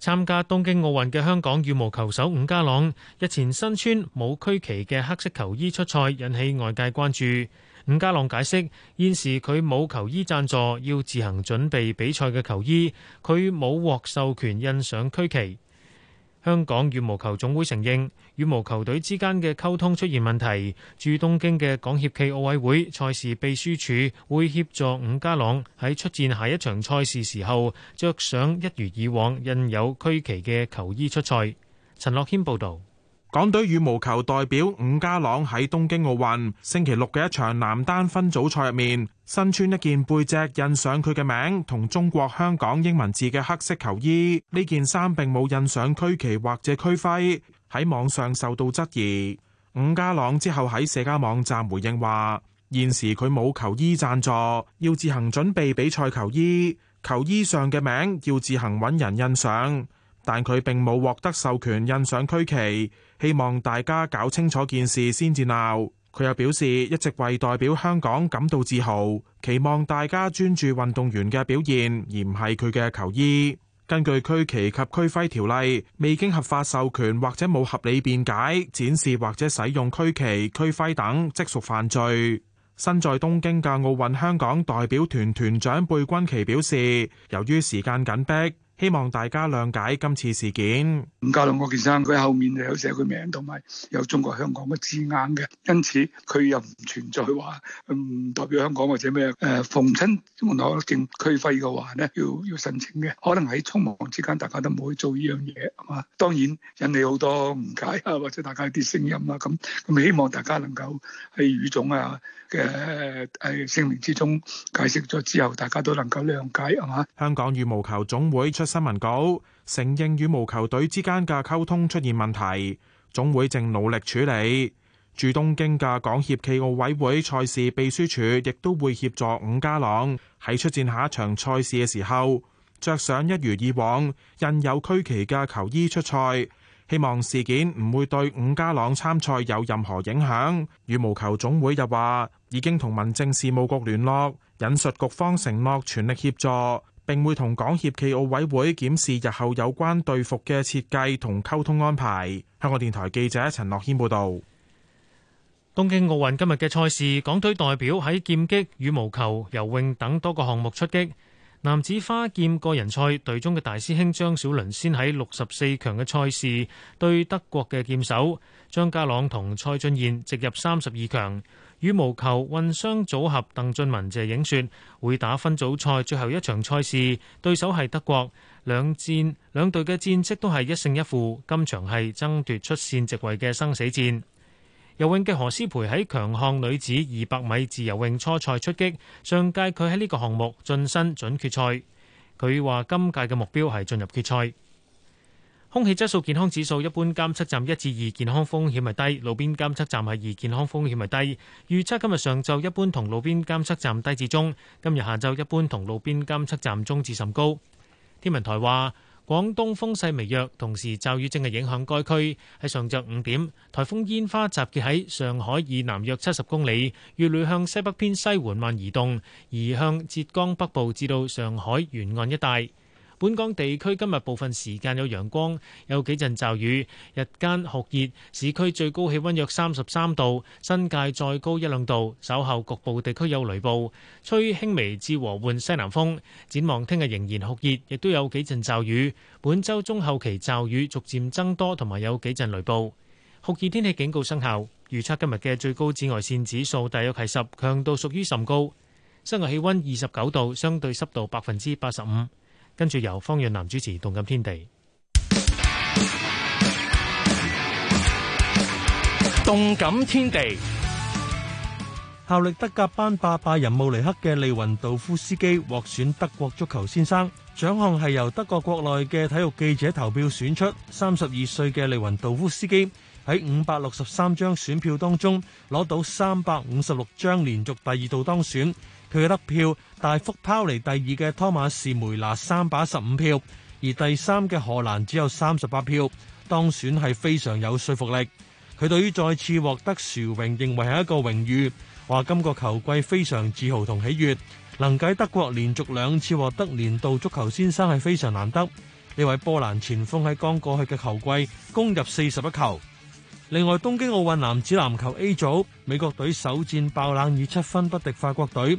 參加東京奧運嘅香港羽毛球手伍家朗日前身穿冇區旗嘅黑色球衣出賽，引起外界關注。伍家朗解釋，現時佢冇球衣讚助，要自行準備比賽嘅球衣，佢冇獲授權印上區旗。香港羽毛球總會承認羽毛球隊之間嘅溝通出現問題。駐東京嘅港協暨奧委會賽事秘書處會協助伍家朗喺出戰下一場賽事時候，着上一如以往印有區旗嘅球衣出賽。陳樂謙報道。港隊羽毛球代表伍家朗喺東京奧運星期六嘅一場男單分組賽入面，身穿一件背脊印上佢嘅名同中國香港英文字嘅黑色球衣，呢件衫並冇印上區旗或者區徽，喺網上受到質疑。伍家朗之後喺社交網站回應話，現時佢冇球衣讚助，要自行準備比賽球衣，球衣上嘅名要自行揾人印上，但佢並冇獲得授權印上區旗。希望大家搞清楚件事先至鬧。佢又表示一直為代表香港感到自豪，期望大家專注運動員嘅表現，而唔係佢嘅球衣。根據區旗及區徽條例，未經合法授權或者冇合理辯解展示或者使用區旗區徽等，即屬犯罪。身在東京嘅奧運香港代表團團長貝君奇表示，由於時間緊迫。希望大家諒解今次事件。唔教論嗰件衫，佢後面就有寫佢名，同埋有中國香港嘅字眼嘅，因此佢又唔存在話唔、嗯、代表香港或者咩誒。逢、呃、親門口政區徽嘅話咧，要要申請嘅。可能喺匆忙之間，大家都唔會做呢樣嘢啊。當然引嚟好多誤解啊，或者大家一啲聲音啦。咁咁，希望大家能夠喺、哎、語種啊。嘅誒聲明之中解釋咗之後，大家都能夠諒解，係嘛？香港羽毛球總會出新聞稿，承認羽毛球隊之間嘅溝通出現問題，總會正努力處理。駐東京嘅港協暨奧委會賽事秘書處亦都會協助伍家朗喺出戰下一場賽事嘅時候，着上一如以往印有區旗嘅球衣出賽。希望事件唔會對伍家朗參賽有任何影響。羽毛球總會又話，已經同民政事務局聯絡，引述局方承諾全力協助，並會同港協暨奧委會檢視日後有關隊服嘅設計同溝通安排。香港電台記者陳樂謙報道。東京奧運今日嘅賽事，港隊代表喺劍擊、羽毛球、游泳等多個項目出擊。男子花劍個人賽隊中嘅大師兄張小倫先喺六十四強嘅賽事，對德國嘅劍手，張家朗同蔡俊彥直入三十二強。羽毛球混雙組合鄧俊文、謝影雪會打分組賽最後一場賽事，對手係德國。兩戰兩隊嘅戰績都係一勝一負，今場係爭奪出線席位嘅生死戰。游泳嘅何詩蓓喺強項女子二百米自由泳初賽出擊，上屆佢喺呢個項目晉身準決賽，佢話今屆嘅目標係進入決賽。空氣質素健康指數一般監測站一至二，健康風險係低，路邊監測站係二，健康風險係低。預測今日上晝一般同路邊監測站低至中，今日下晝一般同路邊監測站中至甚高。天文台話。廣東風勢微弱，同時驟雨正係影響該區。喺上晝五點，颱風煙花集結喺上海以南約七十公里，預料向西北偏西緩慢移動，移向浙江北部至到上海沿岸一帶。本港地區今日部分時間有陽光，有幾陣驟雨，日間酷熱，市區最高氣溫約三十三度，新界再高一兩度。稍後局部地區有雷暴，吹輕微至和緩西南風。展望聽日仍然酷熱，亦都有幾陣驟雨。本周中後期驟雨逐漸增多，同埋有幾陣雷暴。酷熱天氣警告生效。預測今日嘅最高紫外線指數大約係十，強度屬於甚高。室外氣溫二十九度，相對濕度百分之八十五。嗯跟住由方潤南主持《動感天地》。《動感天地》效力德甲班霸拜仁慕尼黑嘅利雲道夫斯基獲選德國足球先生，獎項係由德國國內嘅體育記者投票選出。三十二歲嘅利雲道夫斯基喺五百六十三張選票當中攞到三百五十六張，連續第二度當選。佢嘅得票大幅拋離第二嘅湯馬士梅拿三百一十五票，而第三嘅荷蘭只有三十八票，當選係非常有說服力。佢對於再次獲得殊榮，認為係一個榮譽，話今個球季非常自豪同喜悅，能喺德國連續兩次獲得年度足球先生係非常難得。呢位波蘭前鋒喺剛過去嘅球季攻入四十一球。另外，東京奧運男子籃球 A 組，美國隊首戰爆冷以七分不敵法國隊。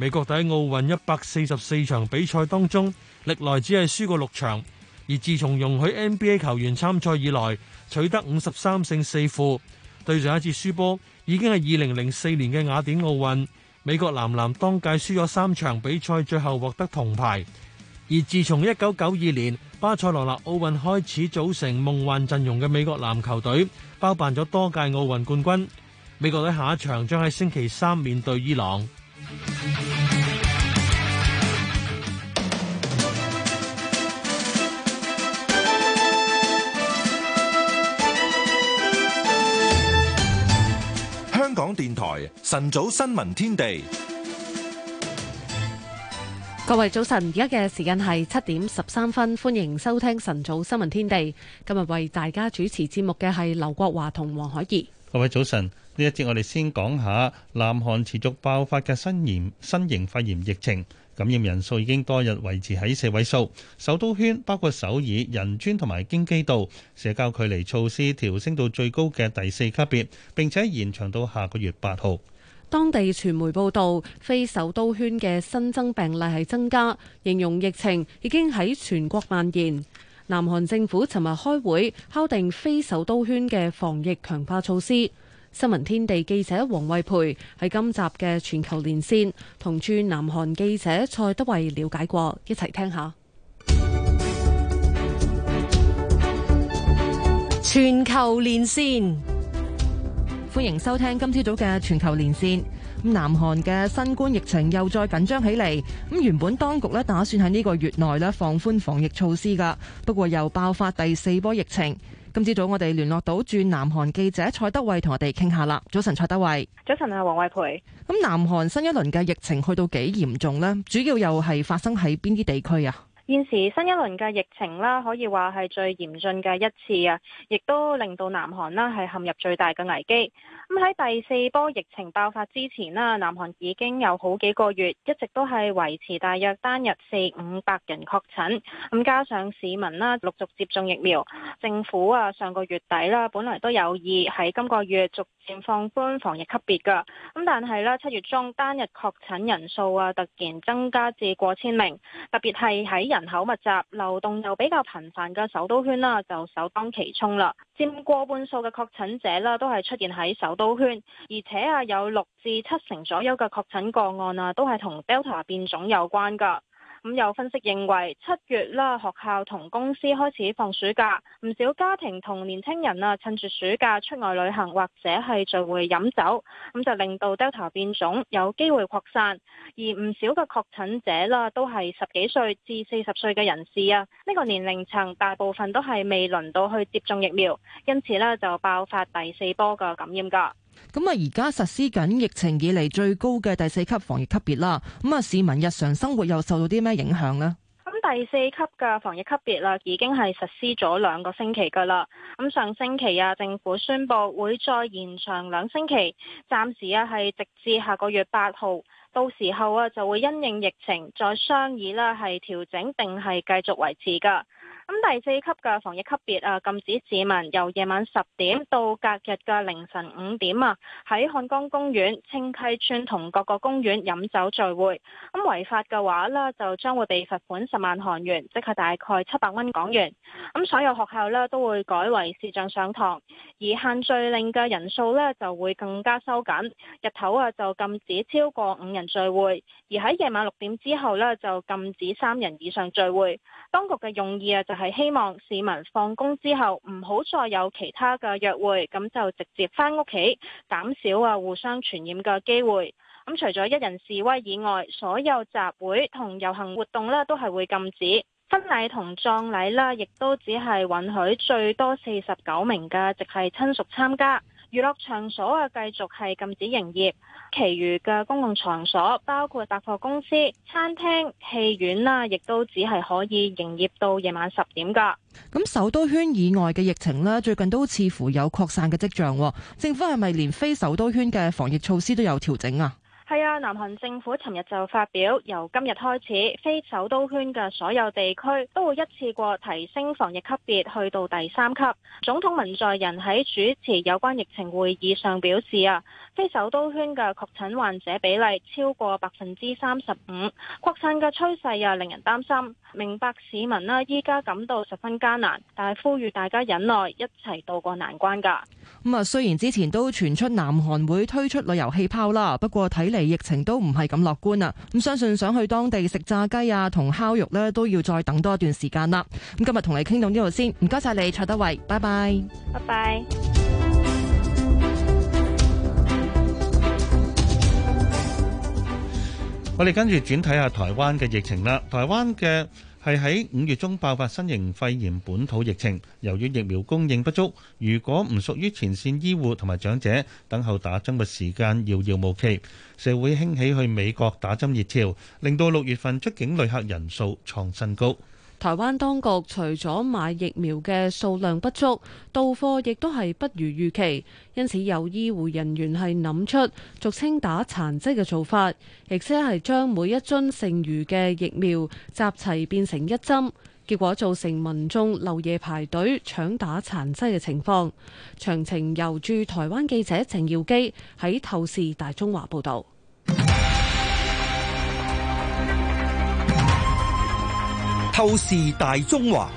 美國隊喺奧運一百四十四場比賽當中，歷來只係輸過六場，而自從容許 NBA 球員參賽以來，取得五十三勝四負。對上一次輸波已經係二零零四年嘅雅典奧運，美國男籃當屆輸咗三場比賽，最後獲得銅牌。而自從一九九二年巴塞羅那奧運開始組成夢幻陣容嘅美國籃球隊，包辦咗多屆奧運冠軍。美國隊下一場將喺星期三面對伊朗。香港電台晨早新聞天地，各位早晨，而家嘅時間係七點十三分，歡迎收聽晨早新聞天地。今日為大家主持節目嘅係劉國華同黃海儀。各位早晨。呢一節，我哋先講下南韓持續爆發嘅新炎新型肺炎疫情，感染人數已經多日維持喺四位數。首都圈包括首爾、仁川同埋京畿道，社交距離措施調升到最高嘅第四級別，並且延長到下個月八號。當地傳媒報道，非首都圈嘅新增病例係增加，形容疫情已經喺全國蔓延。南韓政府尋日開會敲定非首都圈嘅防疫強化措施。新聞天地記者王慧培喺今集嘅全球連線，同駐南韓記者蔡德偉了解過，一齊聽下。全球連線，連線歡迎收聽今朝早嘅全球連線。咁南韓嘅新冠疫情又再緊張起嚟。咁原本當局呢打算喺呢個月內呢放寬防疫措施噶，不過又爆發第四波疫情。今朝早我哋聯絡到駐南韓記者蔡德慧同我哋傾下啦。早晨，蔡德慧。早晨啊，黃偉培。咁南韓新一輪嘅疫情去到幾嚴重呢？主要又係發生喺邊啲地區啊？現時新一輪嘅疫情啦，可以話係最嚴峻嘅一次啊，亦都令到南韓啦係陷入最大嘅危機。咁喺第四波疫情爆發之前啦，南韓已經有好幾個月一直都係維持大約單日四五百人確診，咁加上市民啦陸續接種疫苗，政府啊上個月底啦，本來都有意喺今個月續，漸放寬防疫級別噶，咁但係咧七月中單日確診人數啊突然增加至過千名，特別係喺人口密集、流動又比較頻繁嘅首都圈啦，就首當其衝啦。佔過半數嘅確診者啦，都係出現喺首都圈，而且啊有六至七成左右嘅確診個案啊，都係同 Delta 變種有關噶。咁有分析認為，七月啦，學校同公司開始放暑假，唔少家庭同年輕人啊，趁住暑假出外旅行或者係聚會飲酒，咁就令到 Delta 變種有機會擴散。而唔少嘅確診者啦，都係十幾歲至四十歲嘅人士啊，呢個年齡層大部分都係未輪到去接種疫苗，因此呢就爆發第四波嘅感染噶。咁啊，而家實施緊疫情以嚟最高嘅第四級防疫級別啦。咁啊，市民日常生活又受到啲咩影響呢？咁第四級嘅防疫級別啦，已經係實施咗兩個星期噶啦。咁上星期啊，政府宣布會再延長兩星期，暫時啊係直至下個月八號，到時候啊就會因應疫情再商議啦，係調整定係繼續維持噶。咁第四級嘅防疫級別啊，禁止市民由夜晚十點到隔日嘅凌晨五點啊，喺漢江公園、清溪村同各個公園飲酒聚會。咁違法嘅話呢，就將會被罰款十萬韓元，即係大概七百蚊港元。咁所有學校呢，都會改為視像上堂，而限聚令嘅人數呢，就會更加收緊。日頭啊就禁止超過五人聚會，而喺夜晚六點之後呢，就禁止三人以上聚會。當局嘅用意啊就是、～係希望市民放工之後唔好再有其他嘅約會，咁就直接返屋企，減少啊互相傳染嘅機會。咁除咗一人示威以外，所有集會同遊行活動呢都係會禁止，婚禮同葬禮啦，亦都只係允許最多四十九名嘅直系親屬參加。娛樂場所啊，繼續係禁止營業。其餘嘅公共場所，包括百貨公司、餐廳、戲院啦，亦都只係可以營業到夜晚十點噶。咁首都圈以外嘅疫情呢，最近都似乎有擴散嘅跡象。政府係咪連非首都圈嘅防疫措施都有調整啊？係啊，南韓政府尋日就發表，由今日開始，非首都圈嘅所有地區都會一次過提升防疫級別，去到第三級。總統文在寅喺主持有關疫情會議上表示啊。非首都圈嘅確診患者比例超過百分之三十五。擴散嘅趨勢又令人擔心。明白市民呢，依家感到十分艱難，但係呼籲大家忍耐，一齊度過難關噶。咁啊、嗯，雖然之前都傳出南韓會推出旅遊氣泡啦，不過睇嚟疫情都唔係咁樂觀啊。咁、嗯、相信想去當地食炸雞啊、同烤肉呢，都要再等多一段時間啦。咁今日同你傾到呢度先，唔該晒你，蔡德偉，拜拜，拜拜。我哋跟住轉睇下台灣嘅疫情啦。台灣嘅係喺五月中爆發新型肺炎本土疫情，由於疫苗供應不足，如果唔屬於前線醫護同埋長者，等候打針嘅時間遙遙無期。社會興起去美國打針熱潮，令到六月份出境旅客人數創新高。台灣當局除咗買疫苗嘅數量不足，到貨亦都係不如預期，因此有醫護人員係諗出俗稱打殘劑嘅做法，亦即係將每一樽剩餘嘅疫苗集齊變成一針，結果造成民眾漏夜排隊搶打殘劑嘅情況。詳情由駐台灣記者鄭耀基喺透視大中華報道。就是大中華。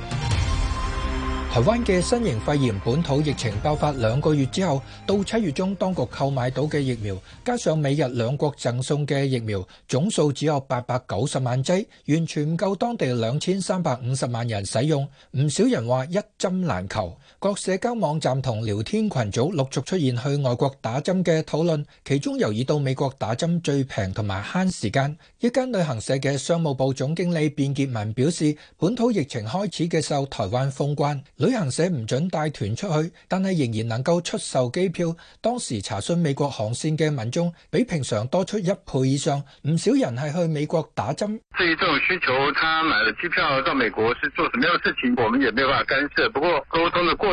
台灣嘅新型肺炎本土疫情爆發兩個月之後，到七月中，當局購買到嘅疫苗，加上美日兩國贈送嘅疫苗，總數只有八百九十萬劑，完全唔夠當地兩千三百五十萬人使用。唔少人話一針難求。各社交網站同聊天群組陸續出現去外國打針嘅討論，其中尤以到美國打針最平同埋慳時間。一間旅行社嘅商務部總經理卞潔文表示，本土疫情開始嘅受台灣封關，旅行社唔准帶團出去，但係仍然能夠出售機票。當時查詢美國航線嘅民眾比平常多出一倍以上，唔少人係去美國打針。至於這種需求，他買了機票到美國是做什麼樣事情，我們也沒有辦法干涉。不過溝通的過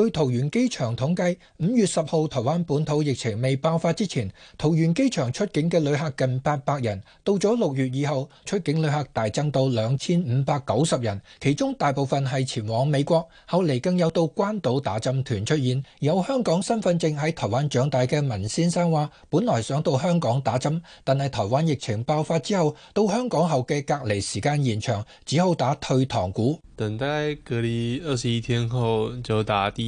據桃園機場統計，五月十號台灣本土疫情未爆發之前，桃園機場出境嘅旅客近八百人。到咗六月二號，出境旅客大增到兩千五百九十人，其中大部分係前往美國，後嚟更有到關島打針團出現。有香港身份證喺台灣長大嘅文先生話：本來想到香港打針，但係台灣疫情爆發之後，到香港後嘅隔離時間延長，只好打退堂鼓。等待隔離二十一天後就打、D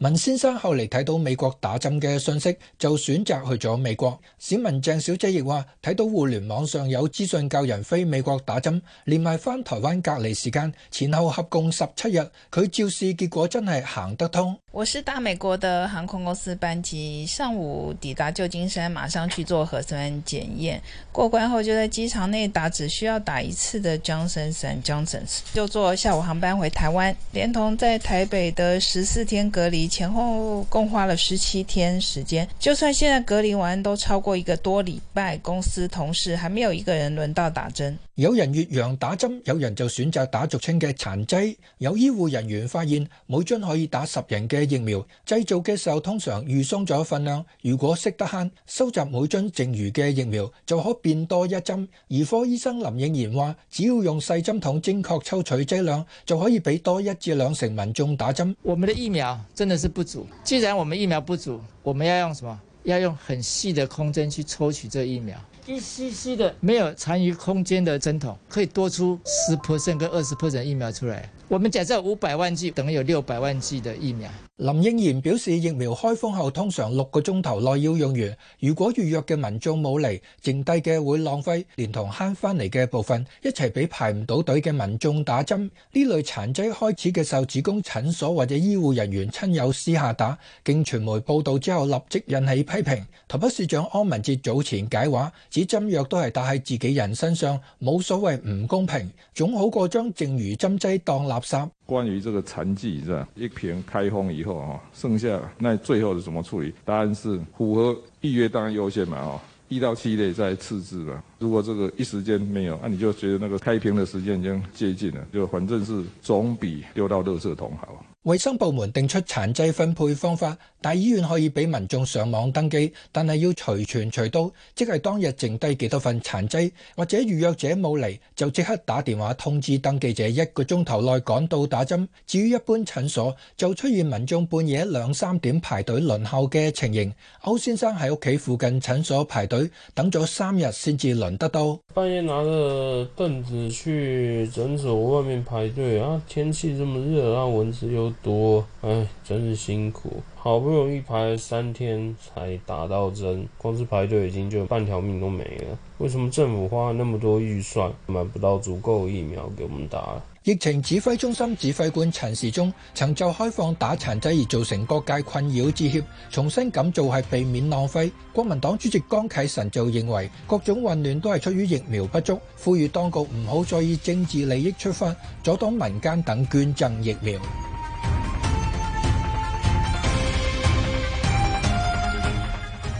文先生後嚟睇到美國打針嘅信息，就選擇去咗美國。市民鄭小姐亦話睇到互聯網上有資訊教人飛美國打針，連埋翻台灣隔離時間，前後合共十七日。佢照試，結果真係行得通。我是大美國的航空公司班機，上午抵達舊金山，馬上去做核酸檢驗，過關後就在機場內打只需要打一次的 Johnson & Johnson，就坐下午航班回台灣，連同在台北的十四天隔離，前後共花了十七天時間，就算現在隔離完都超過一個多禮拜，公司同事還沒有一個人輪到打針。有人越洋打針，有人就選擇打俗稱嘅殘劑。有醫護人員發現，每樽可以打十人嘅疫苗，製造嘅時候通常預鬆咗份量。如果識得慳，收集每樽剩餘嘅疫苗，就可變多一針。兒科醫生林應賢話，只要用細針筒精確抽取劑量，就可以俾多一至兩成民眾打針。我們的疫苗真的。 是不足，既然我們疫苗不足，我們要用什麼？要用很細的空針去抽取這疫苗，一 cc 的沒有殘餘空間的針筒，可以多出十 percent 跟二十 percent 疫苗出來。我們借咗五百萬劑，等於有六百萬劑嘅疫苗。林應然表示，疫苗開封後通常六個鐘頭內要用完。如果預約嘅民眾冇嚟，剩低嘅會浪費，連同慳翻嚟嘅部分一齊俾排唔到隊嘅民眾打針。呢類殘劑開始嘅受子宮診所或者醫護人員親友私下打，經傳媒報道之後立即引起批評。台北市長柯文哲早前解話，指針藥都係打喺自己人身上，冇所謂唔公平，總好過將剩餘針劑當濫。關於這個殘劑，即係一瓶開封以後，哈，剩下那最後是怎麼處理？答案是符合預約，當然優先嘛，哦，一到七類再次制嘛。如果這個一時間沒有，那、啊、你就覺得那個開瓶的時間已經接近了，就反正是總比丟到垃圾桶好。衛生部門定出殘劑分配方法，大醫院可以俾民眾上網登記，但係要隨傳隨到，即係當日剩低幾多份殘劑，或者預約者冇嚟，就即刻打電話通知登記者一個鐘頭內趕到打針。至於一般診所就出現民眾半夜兩三點排隊輪候嘅情形。歐先生喺屋企附近診所排隊等咗三日先至輪得到，半夜拿着凳子去診所外面排隊啊！天氣這麼熱，啊，啊蚊子又～多唉，真是辛苦，好不容易排三天才打到針，光是排隊已經就半條命都沒了。為什麼政府花那麼多預算買不到足夠疫苗給我們打？疫情指揮中心指揮官陳時中曾就開放打殘劑而造成各界困擾致歉，重新咁做係避免浪費。國民黨主席江啟臣就認為各種混亂都係出於疫苗不足，呼籲當局唔好再以政治利益出發阻擋民間等捐贈疫苗。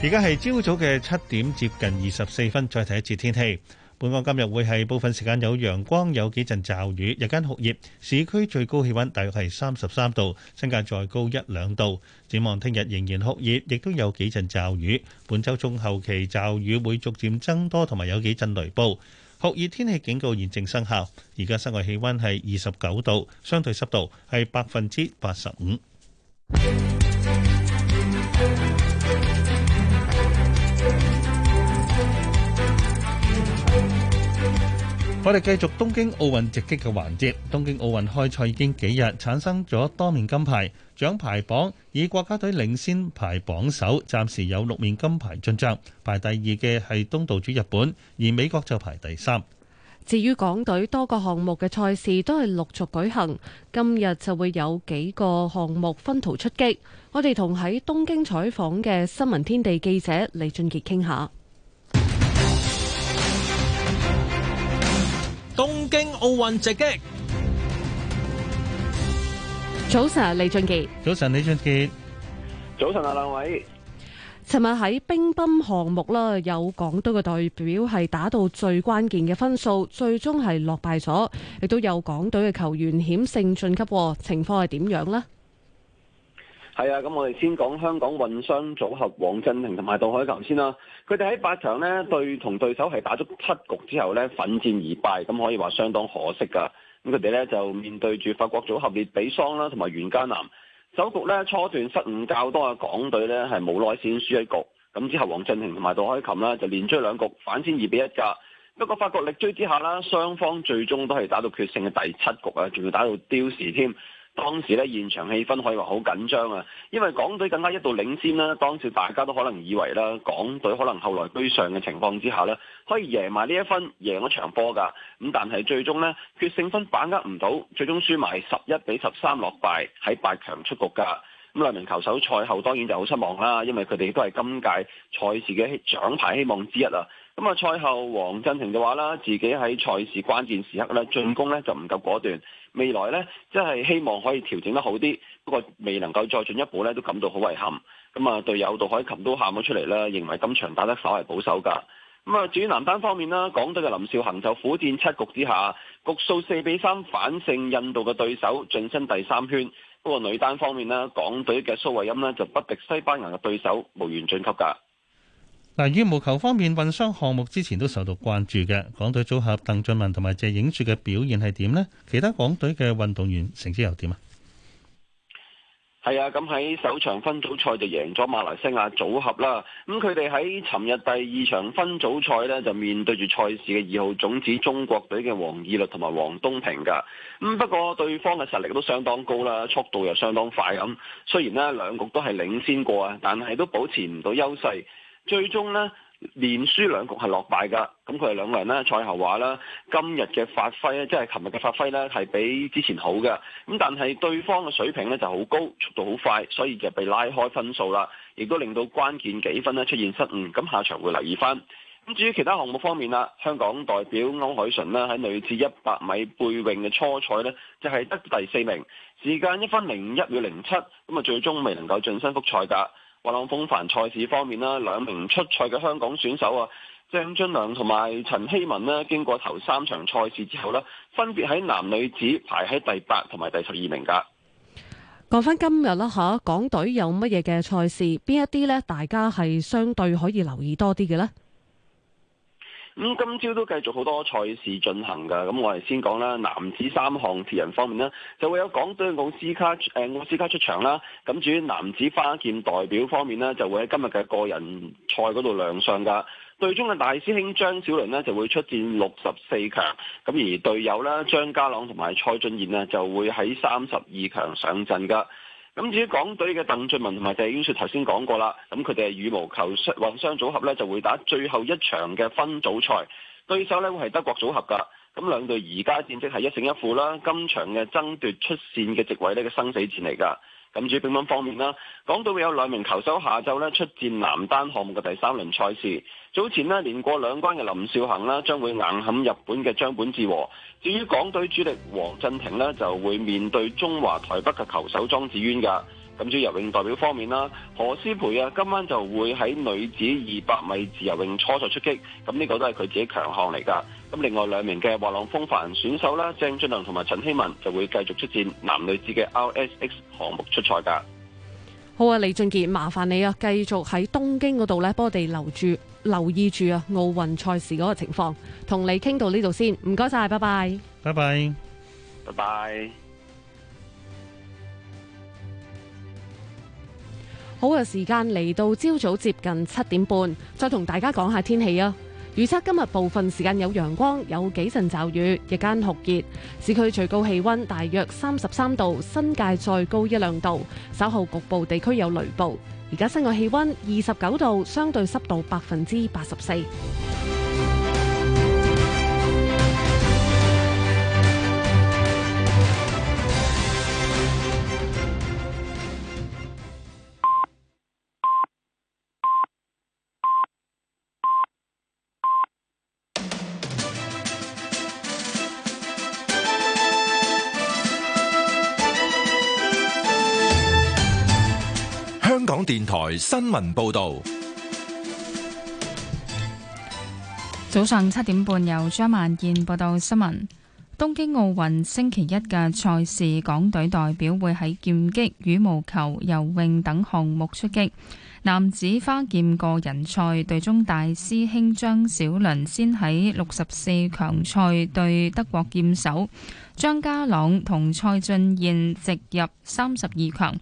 而家係朝早嘅七點接近二十四分，再睇一次天氣。本港今日會係部分時間有陽光，有幾陣驟雨，日間酷熱，市區最高氣溫大約係三十三度，新界再高一兩度。展望聽日仍然酷熱，亦都有幾陣驟雨。本周中後期驟雨會逐漸增多，同埋有幾陣雷暴。酷熱天氣警告現正生效。而家室外氣溫係二十九度，相對濕度係百分之八十五。我哋繼續東京奧運直擊嘅環節。東京奧運開賽已經幾日，產生咗多面金牌。獎牌榜以國家隊領先排榜首，暫時有六面金牌進賬。排第二嘅係東道主日本，而美國就排第三。至於港隊多個項目嘅賽事都係陸續舉行，今日就會有幾個項目分途出擊。我哋同喺東京採訪嘅新聞天地記者李俊傑傾下。奧運直擊，早晨李俊傑，早晨李俊傑，早晨啊，兩位，尋日喺乒乓項目啦，有港隊嘅代表係打到最關鍵嘅分數，最終係落敗咗，亦都有港隊嘅球員險勝晉級，情況係點樣呢？係啊，咁我哋先講香港混雙組合黃鎮廷同埋杜凱琹先啦。佢哋喺八強呢對同對手係打咗七局之後呢奮戰而敗，咁可以話相當可惜㗎。咁佢哋呢就面對住法國組合勒貝松啦同埋袁嘉楠首局呢，初段失誤較多嘅港隊呢係無奈先輸一局。咁之後黃鎮廷同埋杜凱琹呢就連追兩局反先二比一噶。不過法國力追之下啦，雙方最終都係打到決勝嘅第七局啊，仲要打到刁時添。當時咧現場氣氛可以話好緊張啊，因為港隊更加一度領先啦。當時大家都可能以為啦，港隊可能後來居上嘅情況之下咧，可以贏埋呢一分，贏咗場波㗎。咁但係最終咧，決勝分把握唔到，最終輸埋十一比十三落敗喺八強出局㗎。咁兩名球手賽後當然就好失望啦，因為佢哋都係今屆賽事嘅獎牌希望之一啦。咁、嗯、啊，賽後黃鎮廷嘅話啦，自己喺賽事關鍵時刻咧進攻咧就唔夠果斷，未來呢，即係希望可以調整得好啲。不過未能夠再進一步咧都感到好遺憾。咁、嗯、啊，隊友杜凱琹都喊咗出嚟啦，認為今場打得稍為保守㗎。咁、嗯、啊，至於男單方面啦，港隊嘅林兆恆就苦戰七局之下，局數四比三反勝印度嘅對手，晉身第三圈。個女單方面咧，港隊嘅蘇慧音咧就不敵西班牙嘅對手，無緣晉級噶。嗱，羽毛球方面混雙項目之前都受到關注嘅，港隊組合鄧俊文同埋謝影雪嘅表現係點呢？其他港隊嘅運動員成績又點啊？係啊，咁喺首場分組賽就贏咗馬來西亞組合啦。咁佢哋喺尋日第二場分組賽呢，就面對住賽事嘅二號種子中國隊嘅王懿律同埋黃東萍㗎。咁不過對方嘅實力都相當高啦，速度又相當快咁。雖然呢兩局都係領先過啊，但係都保持唔到優勢，最終呢，連輸兩局係落敗㗎，咁佢哋兩個人咧賽後話啦，今日嘅發揮咧，即係琴日嘅發揮咧，係比之前好嘅，咁但係對方嘅水平咧就好高，速度好快，所以就被拉開分數啦，亦都令到關鍵幾分咧出現失誤，咁下場會留意返。咁至於其他項目方面啦，香港代表歐海純啦喺女子一百米背泳嘅初賽咧，就係得第四名，時間一分零一秒零七，咁啊最終未能夠晉身復賽㗎。馬浪風帆賽事方面啦，兩名出賽嘅香港選手啊，鄭俊良同埋陳希文呢，經過頭三場賽事之後呢，分別喺男女子排喺第八同埋第十二名噶。講翻今日啦吓，港隊有乜嘢嘅賽事？邊一啲呢？大家係相對可以留意多啲嘅呢。咁今朝都繼續好多賽事進行㗎，咁我哋先講啦，男子三項鐵人方面呢，就會有港隊奧斯卡誒奧斯卡出場啦。咁至於男子花劍代表方面呢，就會喺今日嘅個人賽嗰度亮相㗎。隊中嘅大師兄張小倫呢，就會出戰六十四強，咁而隊友咧張家朗同埋蔡俊彥呢，就會喺三十二強上陣㗎。咁至於港隊嘅鄧俊文同埋鄭英雪頭先講過啦，咁佢哋羽毛球混雙組合呢就會打最後一場嘅分組賽，對手呢會係德國組合㗎，咁兩隊而家戰績係一勝一負啦，今場嘅爭奪出線嘅席位呢，嘅生死戰嚟㗎。男子乒乓方面啦，港隊有兩名球手下晝咧出戰男單項目嘅第三輪賽事。早前咧連過兩關嘅林少恒啦，將會硬撼日本嘅張本智和。至於港隊主力黃鎮廷咧，就會面對中華台北嘅球手莊智淵噶。咁至於游泳代表方面啦，何詩蓓啊，今晚就會喺女子二百米自由泳初賽出擊，咁呢個都係佢自己強項嚟噶。咁另外兩名嘅滑浪風帆選手啦，鄭俊良同埋陳希文就會繼續出戰男女子嘅 RSX 項目出賽噶。好啊，李俊傑，麻煩你啊，繼續喺東京嗰度呢，幫我哋留住留意住啊，奧運賽事嗰個情況，同你傾到呢度先，唔該晒，拜拜，拜拜，拜拜。拜拜。好嘅，時間嚟到朝早接近七點半，再同大家講下天氣啊。預測今日部分時間有陽光，有幾陣驟雨，日間酷熱，市區最高氣溫大約三十三度，新界再高一兩度，稍後局部地區有雷暴。而家室外氣溫二十九度，相對濕度百分之八十四。港電台新聞報道：早上七點半，由張萬燕報道新聞。東京奧運星期一嘅賽事，港隊代表會喺劍擊、羽毛球、游泳等項目出擊。男子花劍個人賽，隊中大師兄張小倫先喺六十四強賽對德國劍手張家朗，同蔡俊彥直入三十二強。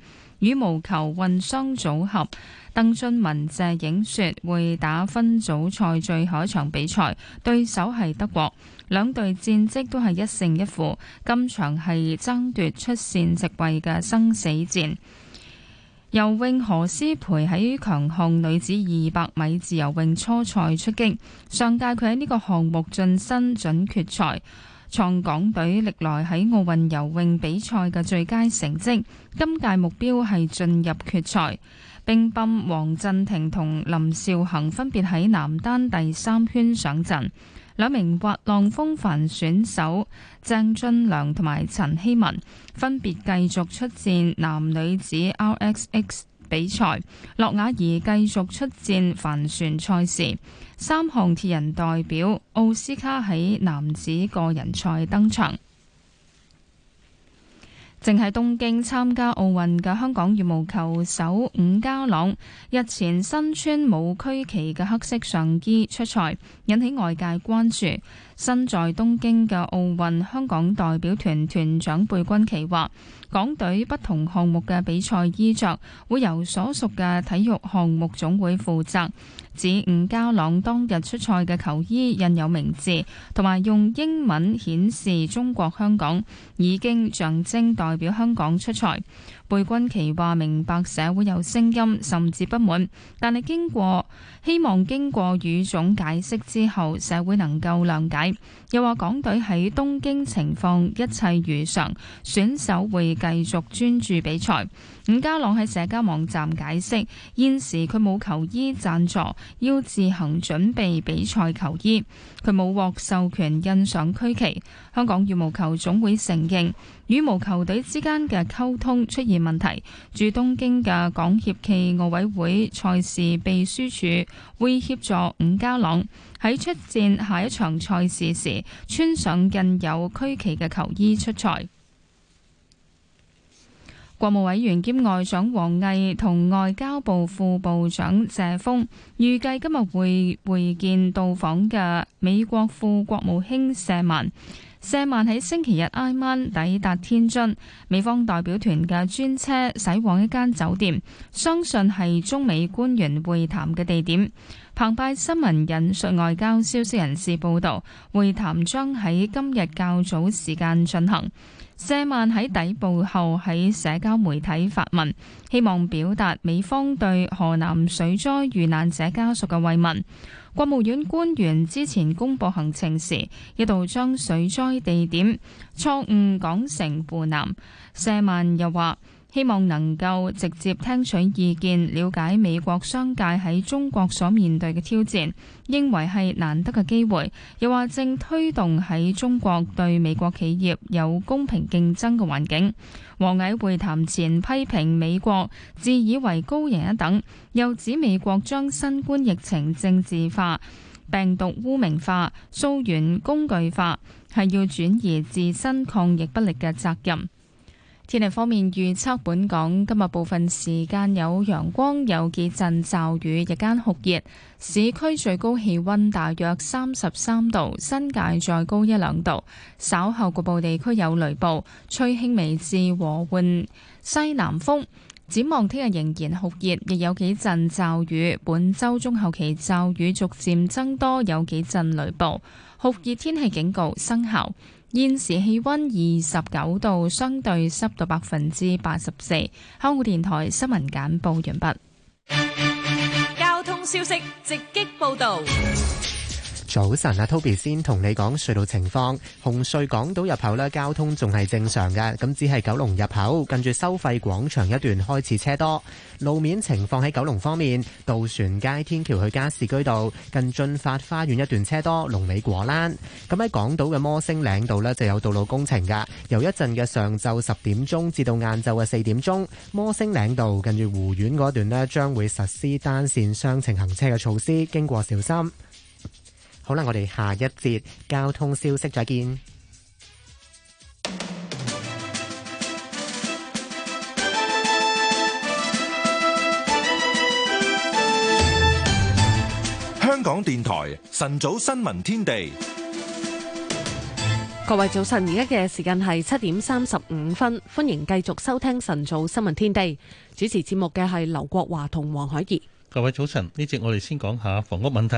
羽毛球混雙組合鄧俊文謝影雪會打分組賽最後一場比賽，對手係德國，兩隊戰績都係一勝一負，今場係爭奪出線席位嘅生死戰。游泳何詩培喺強項女子二百米自由泳初賽出擊，上屆佢喺呢個項目晉身準決賽。創港隊歷來喺奧運游泳比賽嘅最佳成績，今屆目標係進入決賽。乒乓王振廷同林兆恒分別喺男單第三圈上陣，兩名滑浪風帆選手鄭俊良同埋陳希文分別繼續出戰男女子 RXX 比賽，駱雅怡繼續出戰帆船賽事。三項鐵人代表奧斯卡喺男子個人賽登場。淨係東京參加奧運嘅香港羽毛球手伍家朗日前身穿冇區旗嘅黑色上衣出賽，引起外界關注。身在東京嘅奧運香港代表團團長貝鈞奇話，港隊不同項目嘅比賽衣着會由所屬嘅體育項目總會負責，指伍家朗當日出賽嘅球衣印有名字，同埋用英文顯示中國香港，已經象徵代表香港出賽。貝鈞奇話明白社會有聲音甚至不滿，但係經過，希望經過羽總解釋之後社會能夠諒解。又話港隊喺東京情況一切如常，選手會繼續專注比賽。伍家朗喺社交網站解釋，現時佢冇球衣贊助，要自行準備比賽球衣。佢冇獲授權印上區旗。香港羽毛球總會承認羽毛球隊之間嘅溝通出現問題。駐東京嘅港協暨奧委會賽事秘書處會協助伍家朗，喺出戰下一場賽事時，穿上印有區旗嘅球衣出賽。國務委員兼外長王毅同外交部副部長謝鋒預計今日會會見到訪嘅美國副國務卿謝曼。謝曼喺星期日挨晚抵達天津，美方代表團嘅專車駛往一間酒店，相信係中美官員會談嘅地點。澎湃新聞引述外交消息人士報導，會談將喺今日較早時間進行。謝曼喺抵埗後喺社交媒體發文，希望表達美方對河南水災遇難者家屬嘅慰問。國務院官員之前公佈行程時，一度將水災地點錯誤講成湖南。謝曼又話，希望能夠直接聽取意見，了解美國商界喺中國所面對嘅挑戰，認為係難得嘅機會。又話正推動喺中國對美國企業有公平競爭嘅環境。王毅會談前批評美國自以為高人一等，又指美國將新冠疫情政治化、病毒污名化、溯源工具化，係要轉移自身抗疫不力嘅責任。天氣方面預測，本港今日部分時間有陽光，有幾陣驟雨，日間酷熱，市區最高氣溫大約三十三度，新界再高一兩度。稍後局部地區有雷暴，吹輕微至和緩西南風。展望聽日仍然酷熱，亦有幾陣驟雨，本周中後期驟雨逐漸增多，有幾陣雷暴，酷熱天氣警告生效。現時氣溫二十九度，相對濕度百分之八十四。香港電台新聞簡報完畢。交通消息直擊報道。早晨啊，Toby 先同你講隧道情況。紅隧港島入口咧，交通仲係正常嘅，咁只係九龍入口近住收費廣場一段開始車多。路面情況喺九龍方面，渡船街天橋去加士居道近駿發花園一段車多，龍尾果欄。咁喺港島嘅摩星嶺道咧就有道路工程嘅，由一陣嘅上晝十點鐘至到晏晝嘅四點鐘，摩星嶺道近住湖苑嗰段咧將會實施單線雙程行車嘅措施，經過小心。好啦，我哋下一節交通消息再見。香港電台晨早新聞天地，各位早晨，而家嘅時間係七點三十五分，歡迎繼續收聽晨早新聞天地。主持節目嘅係劉國華同黃海怡。各位早晨，呢節我哋先講下房屋問題。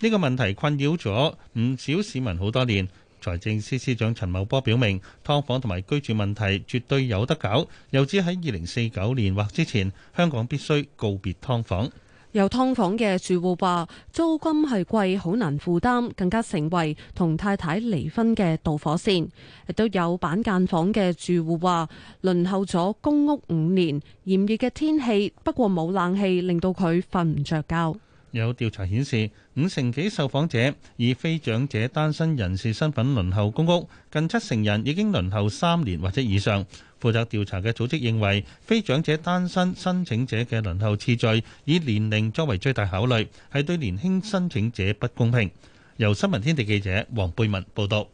呢個問題困擾咗唔少市民好多年。財政司司長陳茂波表明，劏房同埋居住問題絕對有得搞，又指喺二零四九年或之前，香港必須告別劏房。有劏房嘅住戶話租金係貴，好難負擔，更加成為同太太離婚嘅導火線。亦都有板間房嘅住戶話輪候咗公屋五年，炎熱嘅天氣不過冇冷氣，令到佢瞓唔着覺。有調查顯示，五成幾受訪者以非長者單身人士身份輪候公屋，近七成人已經輪候三年或者以上。負責調查嘅組織認為，非長者單身申請者嘅輪候次序以年齡作為最大考慮，係對年輕申請者不公平。由新聞天地記者黃貝文報道。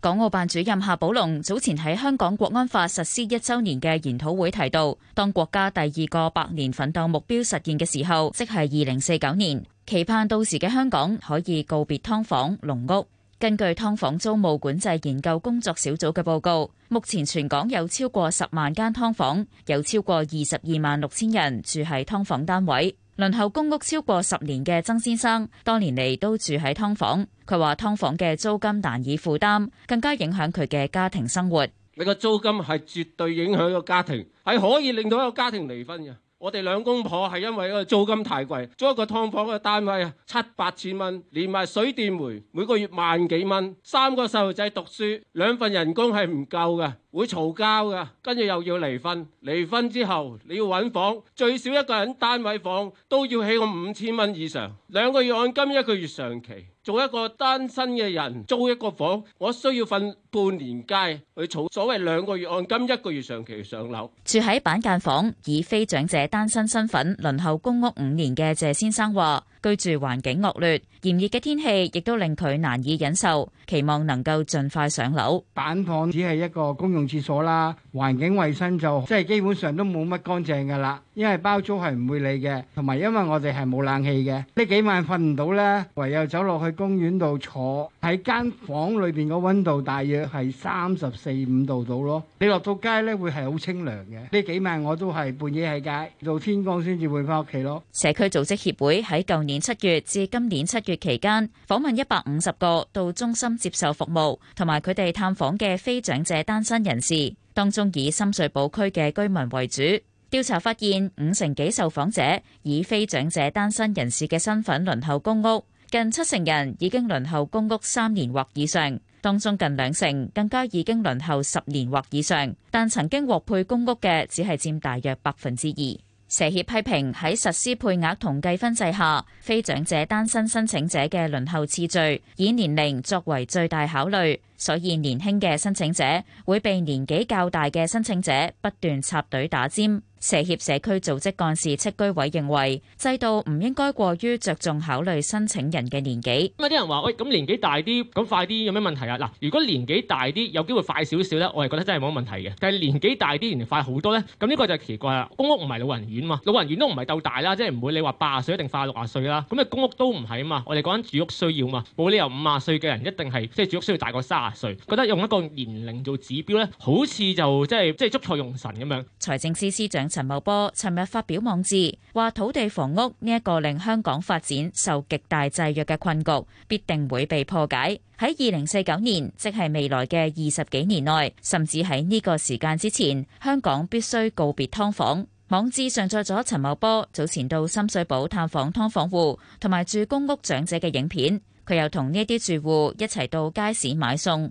港澳辦主任夏寶龍早前喺香港國安法實施一週年嘅研討會提到，當國家第二個百年奮鬥目標實現嘅時候，即係二零四九年，期盼到時嘅香港可以告別劏房、籠屋。根據劏房租務管制研究工作小組嘅報告，目前全港有超過十萬間劏房，有超過二十二萬六千人住喺劏房單位。輪候公屋超過十年嘅曾先生，多年嚟都住喺劏房。佢話劏房嘅租金難以負擔，更加影響佢嘅家庭生活。你個租金係絕對影響個家庭，係可以令到一個家庭離婚嘅。我哋兩公婆係因為租金太貴，租一個劏房嘅單位七八千蚊，連埋水電煤，每個月萬幾蚊，三個細路仔讀書，兩份人工係唔夠嘅。會嘈交噶，跟住又要離婚。離婚之後你要揾房，最少一個人單位房都要起個五千蚊以上。兩個月按金，一個月上期，做一個單身嘅人租一個房，我需要瞓半年街去儲所謂兩個月按金，一個月上期上樓。住喺板間房，以非長者單身身份輪候公屋五年嘅謝先生話。居住環境惡劣，炎熱嘅天氣亦都令佢難以忍受，期望能夠盡快上樓。板房只係一個公用廁所啦，環境衛生就即係基本上都冇乜乾淨㗎喇。因為包租係唔會理嘅，同埋因為我哋係冇冷氣嘅，呢幾晚瞓唔到咧，唯有走落去公園度坐。喺間房裏邊個溫度大約係三十四五度到咯。你落到街咧會係好清涼嘅。呢幾晚我都係半夜喺街，到天光先至會返屋企咯。社區組織協會喺舊年年七月至今年七月期間，訪問一百五十個到中心接受服務同埋佢哋探訪嘅非長者單身人士，當中以深水埗區嘅居民為主。調查發現，五成幾受訪者以非長者單身人士嘅身份輪候公屋，近七成人已經輪候公屋三年或以上，當中近兩成更加已經輪候十年或以上。但曾經獲配公屋嘅只係占大約百分之二。社協批評喺實施配額同計分制下，非長者單身申請者嘅輪候次序以年齡作為最大考慮，所以年輕嘅申請者會被年紀較大嘅申請者不斷插隊打尖。社協社區組織幹事戚居委認為，制度唔應該過於着重考慮申請人嘅年紀。有啲人話喂，咁、哎、年紀大啲，咁快啲有咩問題啊？嗱，如果年紀大啲，有機會快少少咧，我係覺得真係冇乜問題嘅。但係年紀大啲，年齡快好多咧，咁、這、呢個就奇怪啦。公屋唔係老人院嘛，老人院都唔係鬥大啦，即係唔會你話八十歲一定快六十歲啦。咁啊公屋都唔係啊嘛，我哋講緊住屋需要嘛，冇理由五啊歲嘅人一定係即係住屋需要大過卅歲，覺得用一個年齡做指標咧，好似就即係即係捉錯用神咁樣。財政司司長陳茂波尋日發表網誌，話土地房屋呢一個令香港發展受極大制約嘅困局，必定會被破解。喺二零四九年，即係未來嘅二十幾年內，甚至喺呢個時間之前，香港必須告別劏房。網誌上載咗陳茂波早前到深水埗探訪劏房戶同埋住公屋長者嘅影片，佢又同呢啲住戶一齊到街市買餸。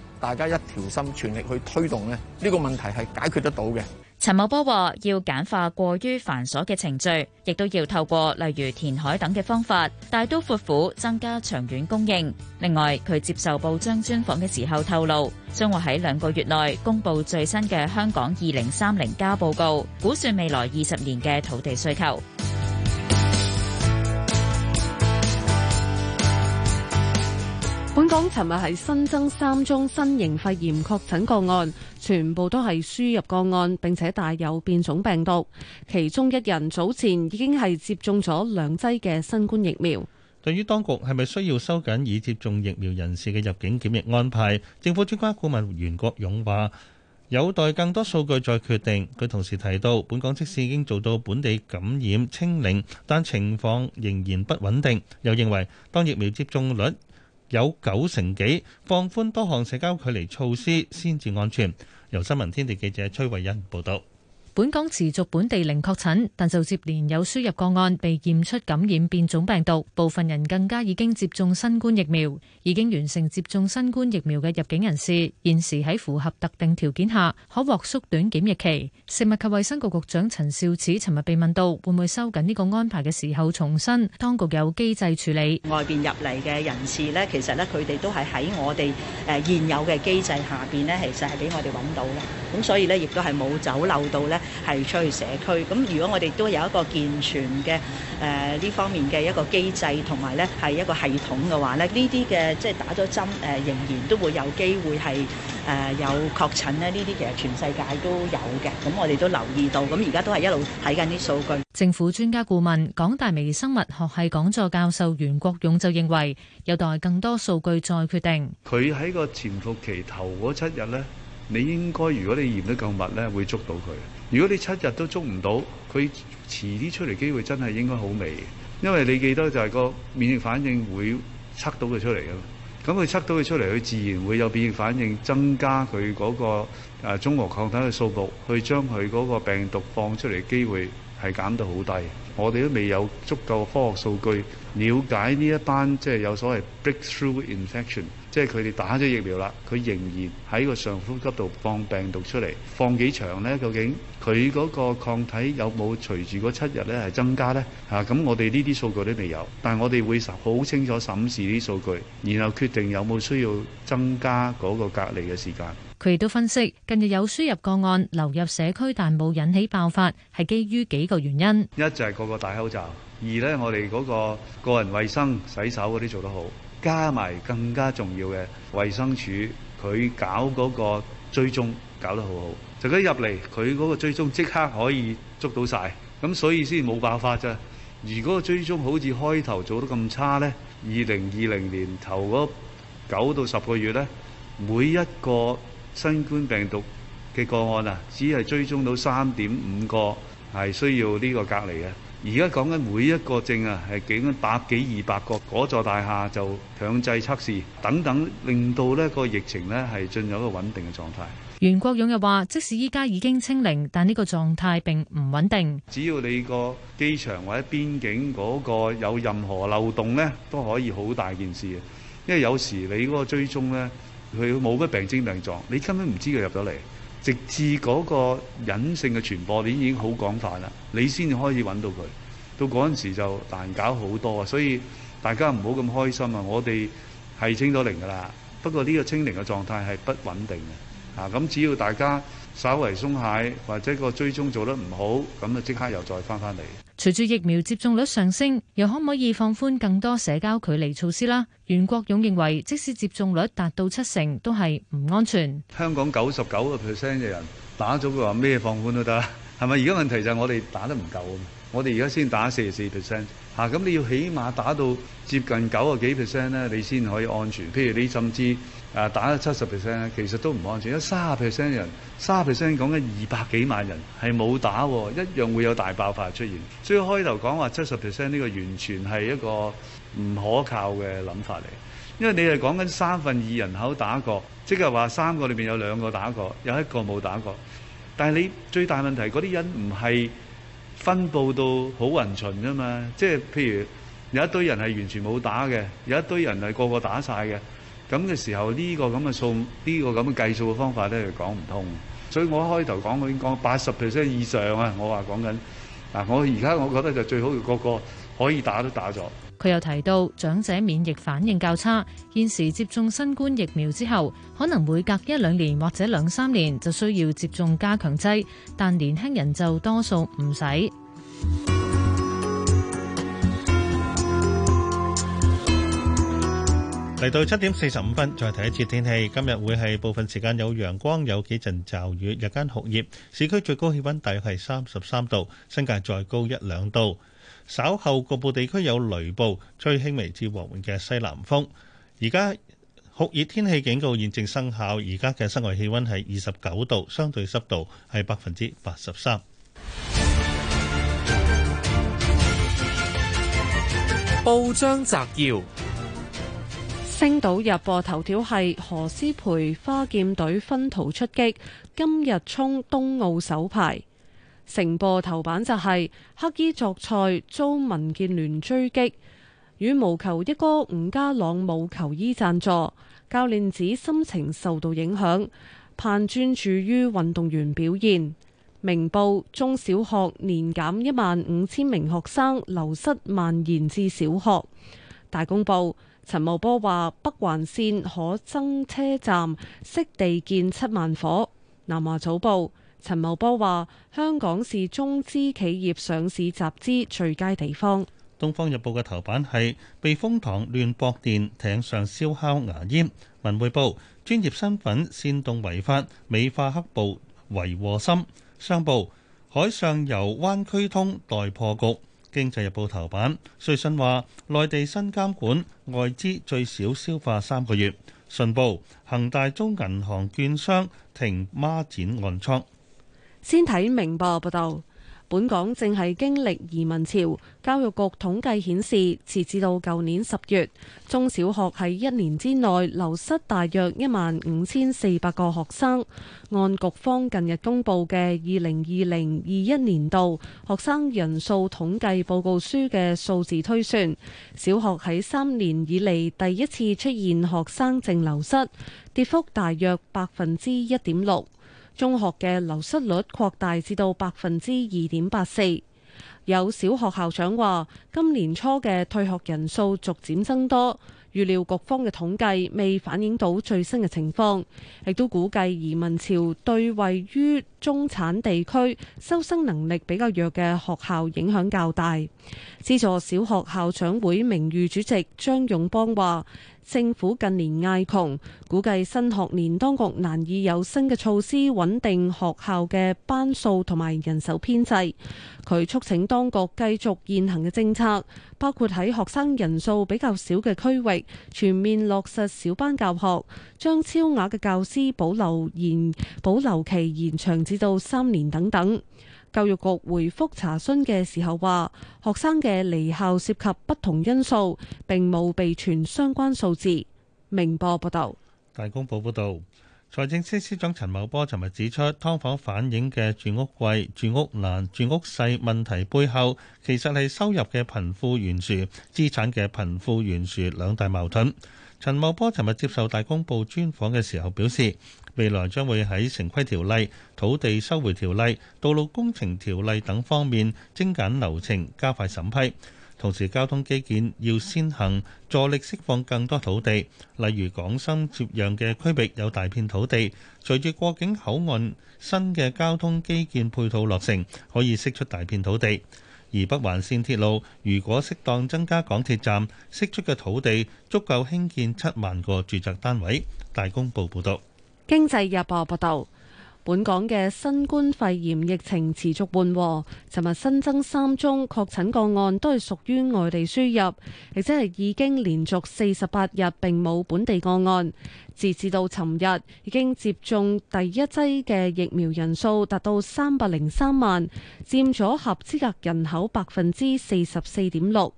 大家一條心，全力去推動咧，呢個問題係解決得到嘅。陳茂波話：要簡化過於繁瑣嘅程序，亦都要透過例如填海等嘅方法，大刀闊斧增加長遠供應。另外，佢接受報章專訪嘅時候透露，將會喺兩個月內公布最新嘅香港二零三零加報告，估算未來二十年嘅土地需求。本港尋日係新增三宗新型肺炎確診個案，全部都係輸入個案，並且帶有變種病毒。其中一人早前已經係接種咗兩劑嘅新冠疫苗。對於當局係咪需要收緊已接種疫苗人士嘅入境檢疫安排，政府專家顧問袁國勇話有待更多數據再決定。佢同時提到，本港即使已經做到本地感染清零，但情況仍然不穩定。又認為當疫苗接種率，有九成幾，放寬多項社交距離措施先至安全。由新聞天地記者崔慧欣報道。本港持續本地零確診，但就接連有輸入個案被驗出感染變種病毒，部分人更加已經接種新冠疫苗。已經完成接種新冠疫苗嘅入境人士，現時喺符合特定條件下，可獲縮短檢疫期。食物及衛生局局長陳肇始尋日被問到會唔會收緊呢個安排嘅時候重新，重申當局有機制處理外邊入嚟嘅人士呢，其實呢，佢哋都係喺我哋誒現有嘅機制下邊呢，其實係俾我哋揾到嘅，咁所以呢，亦都係冇走漏到呢。係出去社區，咁如果我哋都有一個健全嘅誒呢方面嘅一個機制同埋呢係一個系統嘅話咧，呢啲嘅即係打咗針誒，仍然都會有機會係誒有確診咧。呢啲其實全世界都有嘅，咁我哋都留意到，咁而家都係一路睇緊啲數據。政府專家顧問、港大微生物學系講座教授袁國勇就認為，有待更多數據再決定。佢喺個潛伏期頭嗰七日呢。你應該如果你驗得夠密咧，會捉到佢。如果你七日都捉唔到，佢遲啲出嚟機會真係應該好微。因為你記得就係個免疫反應會測到佢出嚟㗎，咁佢測到佢出嚟，佢自然會有免疫反應增加佢嗰個誒中和抗體嘅數目，去將佢嗰個病毒放出嚟嘅機會係減到好低。我哋都未有足夠科學數據了解呢一班即係、就是、有所謂 breakthrough infection。即係佢哋打咗疫苗啦，佢仍然喺個上呼吸道放病毒出嚟，放幾長呢？究竟佢嗰個抗體有冇隨住嗰七日咧係增加呢？嚇、啊，咁、嗯、我哋呢啲數據都未有，但係我哋會好清楚審視啲數據，然後決定有冇需要增加嗰個隔離嘅時間。佢亦都分析近日有輸入個案流入社區，但冇引起爆發，係基於幾個原因。一就係嗰個戴口罩，二咧我哋嗰個，個個人衞生洗手嗰啲做得好。加埋更加重要嘅衞生署，佢搞嗰個追蹤搞得好好，就一入嚟，佢嗰個追蹤即刻可以捉到晒。咁所以先冇辦法咋。如果個追蹤好似開頭做得咁差呢，二零二零年頭嗰九到十個月呢，每一個新冠病毒嘅個案啊，只係追蹤到三點五個係需要呢個隔離嘅。而家講緊每一個症啊，係幾百幾二百個嗰座大廈就強制測試，等等，令到呢個疫情呢係進入一個穩定嘅狀態。袁國勇又話：即使依家已經清零，但呢個狀態並唔穩定。只要你個機場或者邊境嗰個有任何漏洞呢，都可以好大件事嘅。因為有時你嗰個追蹤呢，佢冇乜病徵病狀，你根本唔知佢入咗嚟。直至嗰個隱性嘅傳播鏈已經好廣泛啦，你先至可以揾到佢，到嗰陣時就難搞好多啊！所以大家唔好咁開心啊！我哋係清咗零㗎啦，不過呢個清零嘅狀態係不穩定嘅啊！咁只要大家稍微鬆懈，或者個追蹤做得唔好，咁就即刻又再翻翻嚟。隨住疫苗接種率上升，又可唔可以放寬更多社交距離措施啦？袁國勇認為，即使接種率達到七成，都係唔安全。香港九十九個 percent 嘅人打咗，佢話咩放寬都得，係咪？而家問題就係我哋打得唔夠啊！我哋而家先打四十四 percent，嚇，咁你要起碼打到接近九個幾 percent 咧，你先可以安全。譬如你甚至。啊！打咗七十 percent，其實都唔安全，因為三十 percent 人，三十 percent 講緊二百幾萬人係冇打，一樣會有大爆發出現。所以開頭講話七十 percent 呢個完全係一個唔可靠嘅諗法嚟，因為你係講緊三分二人口打過，即係話三個裏邊有兩個打過，有一個冇打過。但係你最大問題嗰啲人唔係分佈到好均勻㗎嘛？即係譬如有一堆人係完全冇打嘅，有一堆人係個個打晒嘅。咁嘅時候，呢個咁嘅數，呢個咁嘅計數嘅方法咧，係講唔通。所以我一開頭講，我已經講八十 percent 以上啊，我話講緊嗱。我而家我覺得就最好個個可以打都打咗。佢又提到長者免疫反應較差，現時接種新冠疫苗之後，可能每隔一兩年或者兩三年就需要接種加強劑，但年輕人就多數唔使。嚟到七點四十五分，再睇一次天氣。今日會係部分時間有陽光，有幾陣驟雨。日間酷熱，市區最高氣溫大約係三十三度，新界再高一兩度。稍後局部地區有雷暴，吹輕微至和緩嘅西南風。而家酷熱天氣警告現正生效，而家嘅室外氣溫係二十九度，相對濕度係百分之八十三。報章摘要。星島日報頭條係何詩蓓花劍隊分途出擊，今日衝東奧首牌。成報頭版就係、是、黑衣作賽遭民建聯追擊，羽毛球一哥吳家朗冇球衣贊助，教練指心情受到影響，盼專注於運動員表現。明報中小學年減一萬五千名學生流失蔓延至小學。大公報。陳茂波話：北環線可增車站，適地建七萬伙。南華早報：陳茂波話香港是中資企業上市集資最佳地方。東方日報嘅頭版係避風塘亂駁電，艇上燒烤牙煙。文匯報：專業身份煽動違法，美化黑暴維和心。商報：海上油灣區通待破局。《經濟日報》頭版，瑞信話，內地新監管，外資最少消化三個月。信報，恒大租銀行券商停孖展按倉。先睇明報報道。本港正係經歷移民潮，教育局統計顯示，截至到舊年十月，中小學喺一年之內流失大約一萬五千四百個學生。按局方近日公布嘅二零二零二一年度學生人數統計報告書嘅數字推算，小學喺三年以嚟第一次出現學生淨流失，跌幅大約百分之一點六。中學嘅流失率擴大至到百分之二點八四。有小學校長話，今年初嘅退學人數逐漸增多，預料局方嘅統計未反映到最新嘅情況，亦都估計移民潮對位於中產地區、收生能力比較弱嘅學校影響較大。資助小學校長會名譽主席張勇邦話。政府近年嗌窮，估計新學年當局難以有新嘅措施穩定學校嘅班數同埋人手編制。佢促請當局繼續現行嘅政策，包括喺學生人數比較少嘅區域，全面落實小班教學，將超額嘅教師保留延保留期延長至到三年等等。教育局回覆查詢嘅時候話，學生嘅離校涉及不同因素，並冇備存相關數字。明報報道。大公報報道，財政司司長陳茂波尋日指出，劏房反映嘅住屋貴、住屋難、住屋細問題背後，其實，係收入嘅貧富懸殊、資產嘅貧富懸殊兩大矛盾。陳茂波尋日接受大公報專訪嘅時候表示。未來將會喺城規條例、土地收回條例、道路工程條例等方面精簡流程，加快審批。同時，交通基建要先行，助力釋放更多土地。例如，港深接壤嘅區域有大片土地，隨住過境口岸新嘅交通基建配套落成，可以釋出大片土地。而北環線鐵路如果適當增加港鐵站，釋出嘅土地足夠興建七萬個住宅單位。大公報報道。經濟日報報道，本港嘅新冠肺炎疫情持續緩和。尋日新增三宗確診個案，都係屬於外地輸入，亦即係已經連續四十八日並冇本地個案。截至到尋日，已經接種第一劑嘅疫苗人數達到三百零三萬，佔咗合資格人口百分之四十四點六。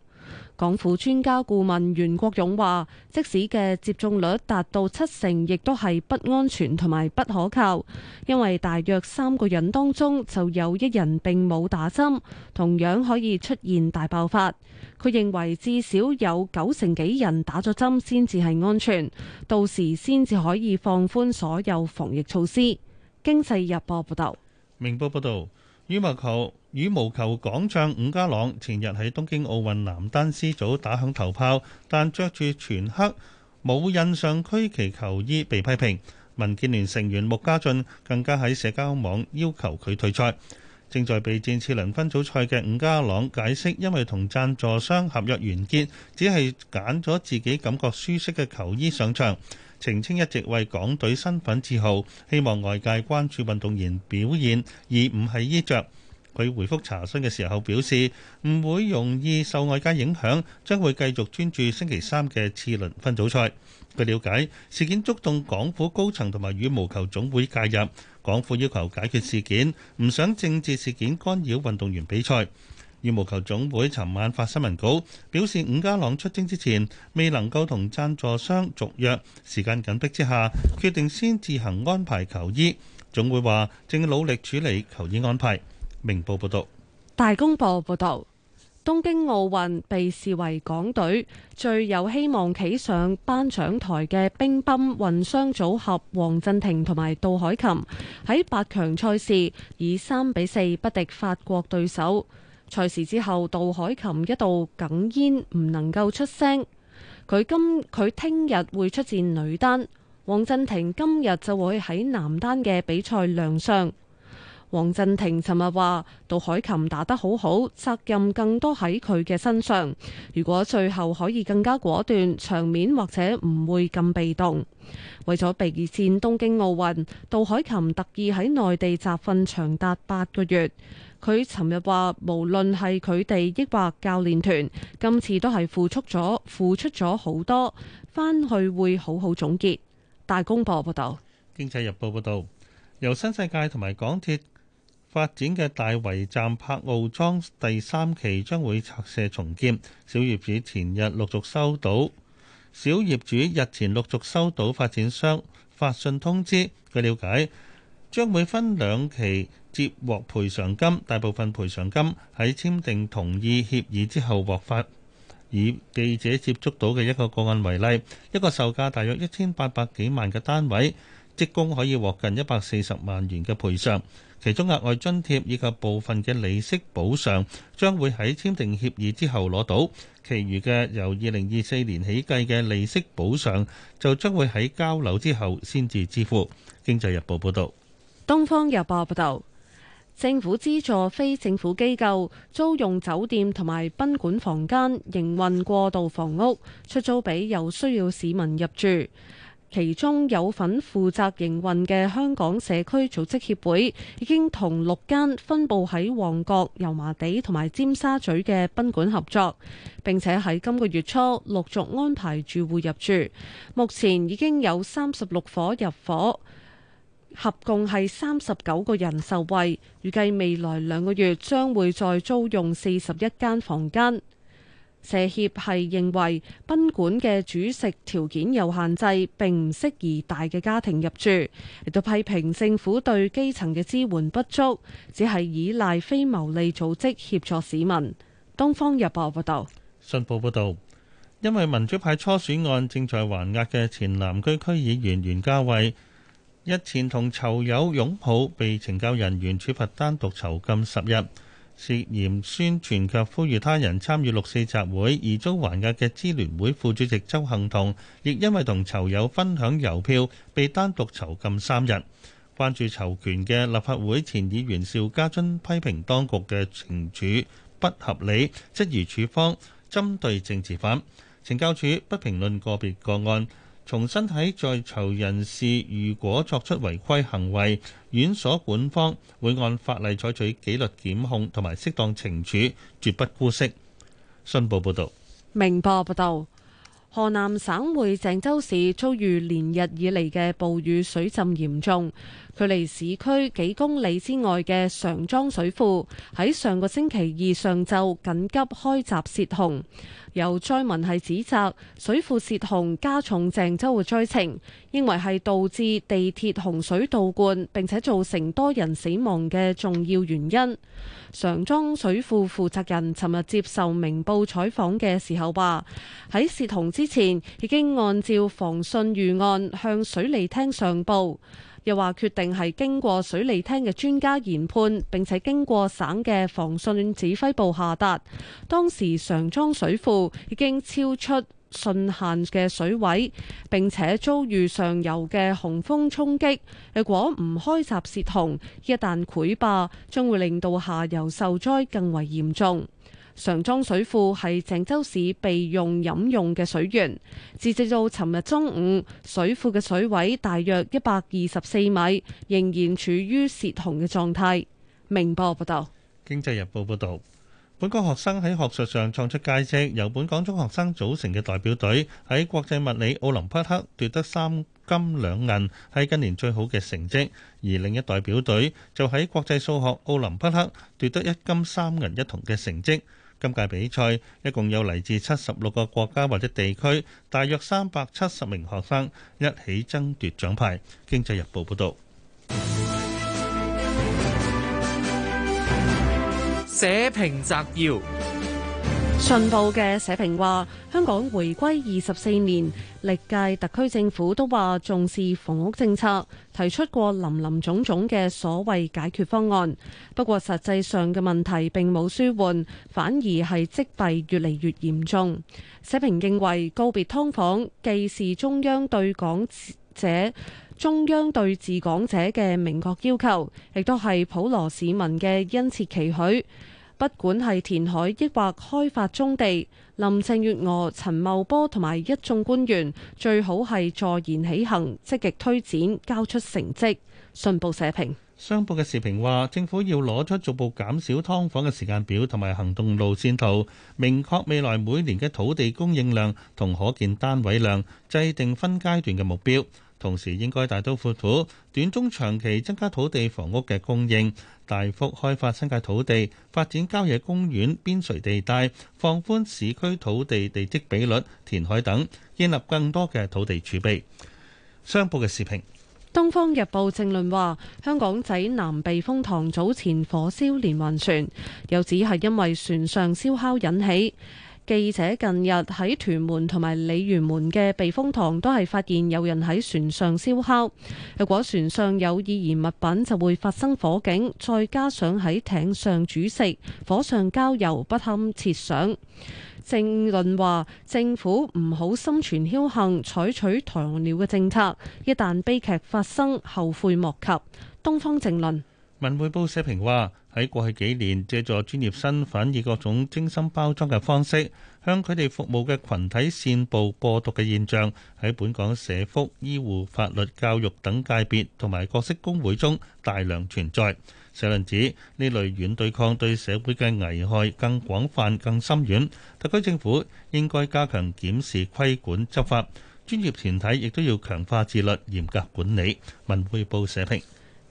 港府專家顧問袁國勇話：即使嘅接種率達到七成，亦都係不安全同埋不可靠，因為大約三個人當中就有一人並冇打針，同樣可以出現大爆發。佢認為至少有九成幾人打咗針先至係安全，到時先至可以放寬所有防疫措施。經濟日報報道。明報報道，羽毛球。羽毛球港將伍家朗前日喺東京奧運男單 C 組打響頭炮，但着住全黑冇印上區旗球衣被批評。民建聯成員穆家俊更加喺社交網要求佢退賽。正在備戰次輪分組賽嘅伍家朗解釋，因為同贊助商合約完結，只係揀咗自己感覺舒適嘅球衣上場，澄清一直為港隊身份自豪，希望外界關注運動員表現而唔係衣着。佢回覆查詢嘅時候表示，唔會容易受外界影響，將會繼續專注星期三嘅次輪分組賽。據了解，事件觸動港府高層同埋羽毛球總會介入，港府要求解決事件，唔想政治事件干擾運動員比賽。羽毛球總會尋晚發新聞稿表示，伍家朗出征之前未能夠同贊助商續約，時間緊迫之下決定先自行安排球衣。總會話正努力處理球衣安排。明報報道，大公報報道，東京奧運被視為港隊最有希望企上頒獎台嘅乒乓混雙組合黃鎮廷同埋杜凱琹喺八強賽事以三比四不敵法國對手。賽事之後，杜凱琹一度哽咽唔能夠出聲，佢今佢聽日會出戰女單，黃鎮廷今日就會喺男單嘅比賽亮相。黃鎮廷尋日話：杜海琴打得好好，責任更多喺佢嘅身上。如果最後可以更加果斷，場面或者唔會咁被動。為咗備戰東京奧運，杜海琴特意喺內地集訓長達八個月。佢尋日話：無論係佢哋抑或教練團，今次都係付出咗，付出咗好多。返去會好好總結。大公報報道，《經濟日報》報道，由新世界同埋港鐵。發展嘅大圍站柏傲莊第三期將會拆卸重建，小業主前日陸續收到小業主日前陸續收到發展商發信通知。據了解，將會分兩期接獲賠償金，大部分賠償金喺簽訂同意協議之後獲發。以記者接觸到嘅一個個案為例，一個售價大約一千八百幾萬嘅單位，職工可以獲近一百四十萬元嘅賠償。其中額外津貼以及部分嘅利息補償將會喺簽訂協議之後攞到，其餘嘅由二零二四年起計嘅利息補償就將會喺交樓之後先至支付。經濟日報報道。東方日報報道，政府資助非政府機構租用酒店同埋賓館房間，營運過渡房屋出租俾有需要市民入住。其中有份負責營運嘅香港社區組織協會，已經同六間分佈喺旺角、油麻地同埋尖沙咀嘅賓館合作，並且喺今個月初陸續安排住戶入住。目前已經有三十六伙入伙，合共係三十九個人受惠。預計未來兩個月將會再租用四十一間房間。社協係認為賓館嘅主食條件有限制，並唔適宜大嘅家庭入住，亦都批評政府對基層嘅支援不足，只係依賴非牟利組織協助市民。《東方日報》報道：「信報報道，因為民主派初選案正在還押嘅前南區區議員袁家慧，日前同囚友擁抱被懲教人員處罰單獨囚禁十日。涉嫌宣傳，卻呼籲他人參與六四集會而遭還押嘅支聯會副主席周幸彤，亦因為同囚友分享郵票，被單獨囚禁三日。關注囚權嘅立法會前議員邵家臻批評當局嘅懲處不合理，質疑處方針對政治犯。懲教署不評論個別個案。重新睇在，在囚人士，如果作出違規行為，院所管方會按法例採取紀律檢控同埋適當懲處，絕不姑息。新報報道，明報報道，河南省會鄭州市遭遇連日以嚟嘅暴雨，水浸嚴重。距離市區幾公里之外嘅常莊水庫喺上個星期二上晝緊急開閘泄洪，有災民係指責水庫泄洪加重鄭州嘅災情，認為係導致地鐵洪水倒灌並且造成多人死亡嘅重要原因。常莊水庫負責人尋日接受明報採訪嘅時候話：喺泄洪之前已經按照防汛預案向水利廳上報。又話決定係經過水利廳嘅專家研判，並且經過省嘅防汛指揮部下達。當時常莊水庫已經超出汛限嘅水位，並且遭遇上游嘅洪峰衝擊。如果唔開閘泄洪，一旦潰壩，將會令到下游受災更為嚴重。常莊水庫係鄭州市備用飲用嘅水源。截至到尋日中午，水庫嘅水位大約一百二十四米，仍然處於泄洪嘅狀態。明報報道：《經濟日報》報道，本港學生喺學術上創出佳績，由本港中學生組成嘅代表隊喺國際物理奧林匹克奪得三金兩銀，係今年最好嘅成績。而另一代表隊就喺國際數學奧林匹克奪得一金三銀一銅嘅成績。今屆比賽一共有嚟自七十六個國家或者地區，大約三百七十名學生一起爭奪獎牌。經濟日報報導。社評摘要。信報嘅社評話：香港回歸二十四年，歷屆特區政府都話重視房屋政策，提出過林林總總嘅所謂解決方案。不過實際上嘅問題並冇舒緩，反而係積弊越嚟越嚴重。社評認為，告別劏房既是中央對港者、中央對治港者嘅明確要求，亦都係普羅市民嘅殷切期許。不管係填海抑或開發宗地，林鄭月娥、陳茂波同埋一眾官員最好係坐言起行，積極推展，交出成績。信報社評。商報嘅時評話，政府要攞出逐步減少劏房嘅時間表同埋行動路線圖，明確未來每年嘅土地供應量同可見單位量，制定分階段嘅目標。同時應該大刀闊斧，短中長期增加土地房屋嘅供應，大幅開發新界土地，發展郊野公園、邊陲地帶，放寬市區土地地積比率、填海等，建立更多嘅土地儲備。商報嘅視頻，《東方日報》正論話，香港仔南避風塘早前火燒連環船，又指係因為船上燒烤引起。記者近日喺屯門同埋鯉魚門嘅避風塘都係發現有人喺船上燒烤，若果船上有易燃物品就會發生火警，再加上喺艇上煮食、火上加油，不堪設想。政論話政府唔好心存僥倖，採取鴕鳥嘅政策，一旦悲劇發生，後悔莫及。東方政論，《文匯報》社評話。喺過去幾年，藉助專業身份，以各種精心包裝嘅方式，向佢哋服務嘅羣體煽暴播毒嘅現象，喺本港社福、醫護、法律、教育等界別同埋各式工會中大量存在。社論指呢類軟對抗對社會嘅危害更廣泛、更深遠。特區政府應該加強檢視規管執法，專業團體亦都要強化自律、嚴格管理。文匯報社評。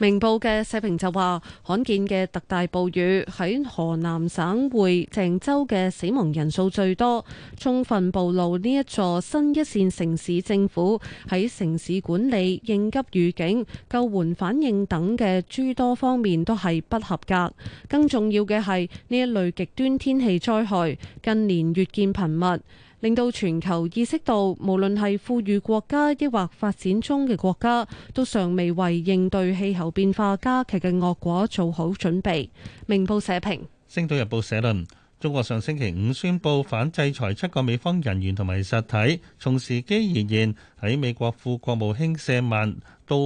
明報嘅社評就話，罕見嘅特大暴雨喺河南省會鄭州嘅死亡人數最多，充分暴露呢一座新一線城市政府喺城市管理、應急預警、救援反應等嘅諸多方面都係不合格。更重要嘅係，呢一類極端天氣災害近年越見頻密。令到全球意識到，無論係富裕國家抑或發展中嘅國家，都尚未為應對氣候變化加劇嘅惡果做好準備。明報社評，《星島日報》社論：中國上星期五宣布反制裁七個美方人員同埋實體，從時機而言，喺美國副國務卿舍曼到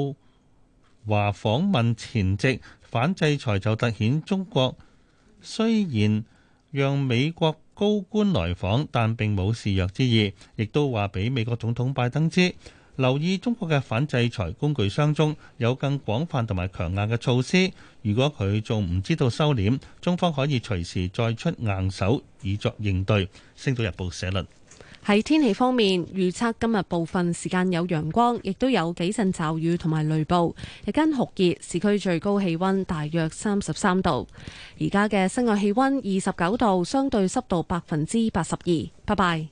華訪問前夕，反制裁就突顯中國雖然讓美國。高官來訪，但並冇示弱之意，亦都話俾美國總統拜登知，留意中國嘅反制裁工具箱中有更廣泛同埋強硬嘅措施。如果佢仲唔知道收斂，中方可以隨時再出硬手以作應對。《星島日報》社論。喺天氣方面，預測今日部分時間有陽光，亦都有幾陣驟雨同埋雷暴。日間酷熱，市區最高氣温大約三十三度。而家嘅室外氣温二十九度，相對濕度百分之八十二。拜拜。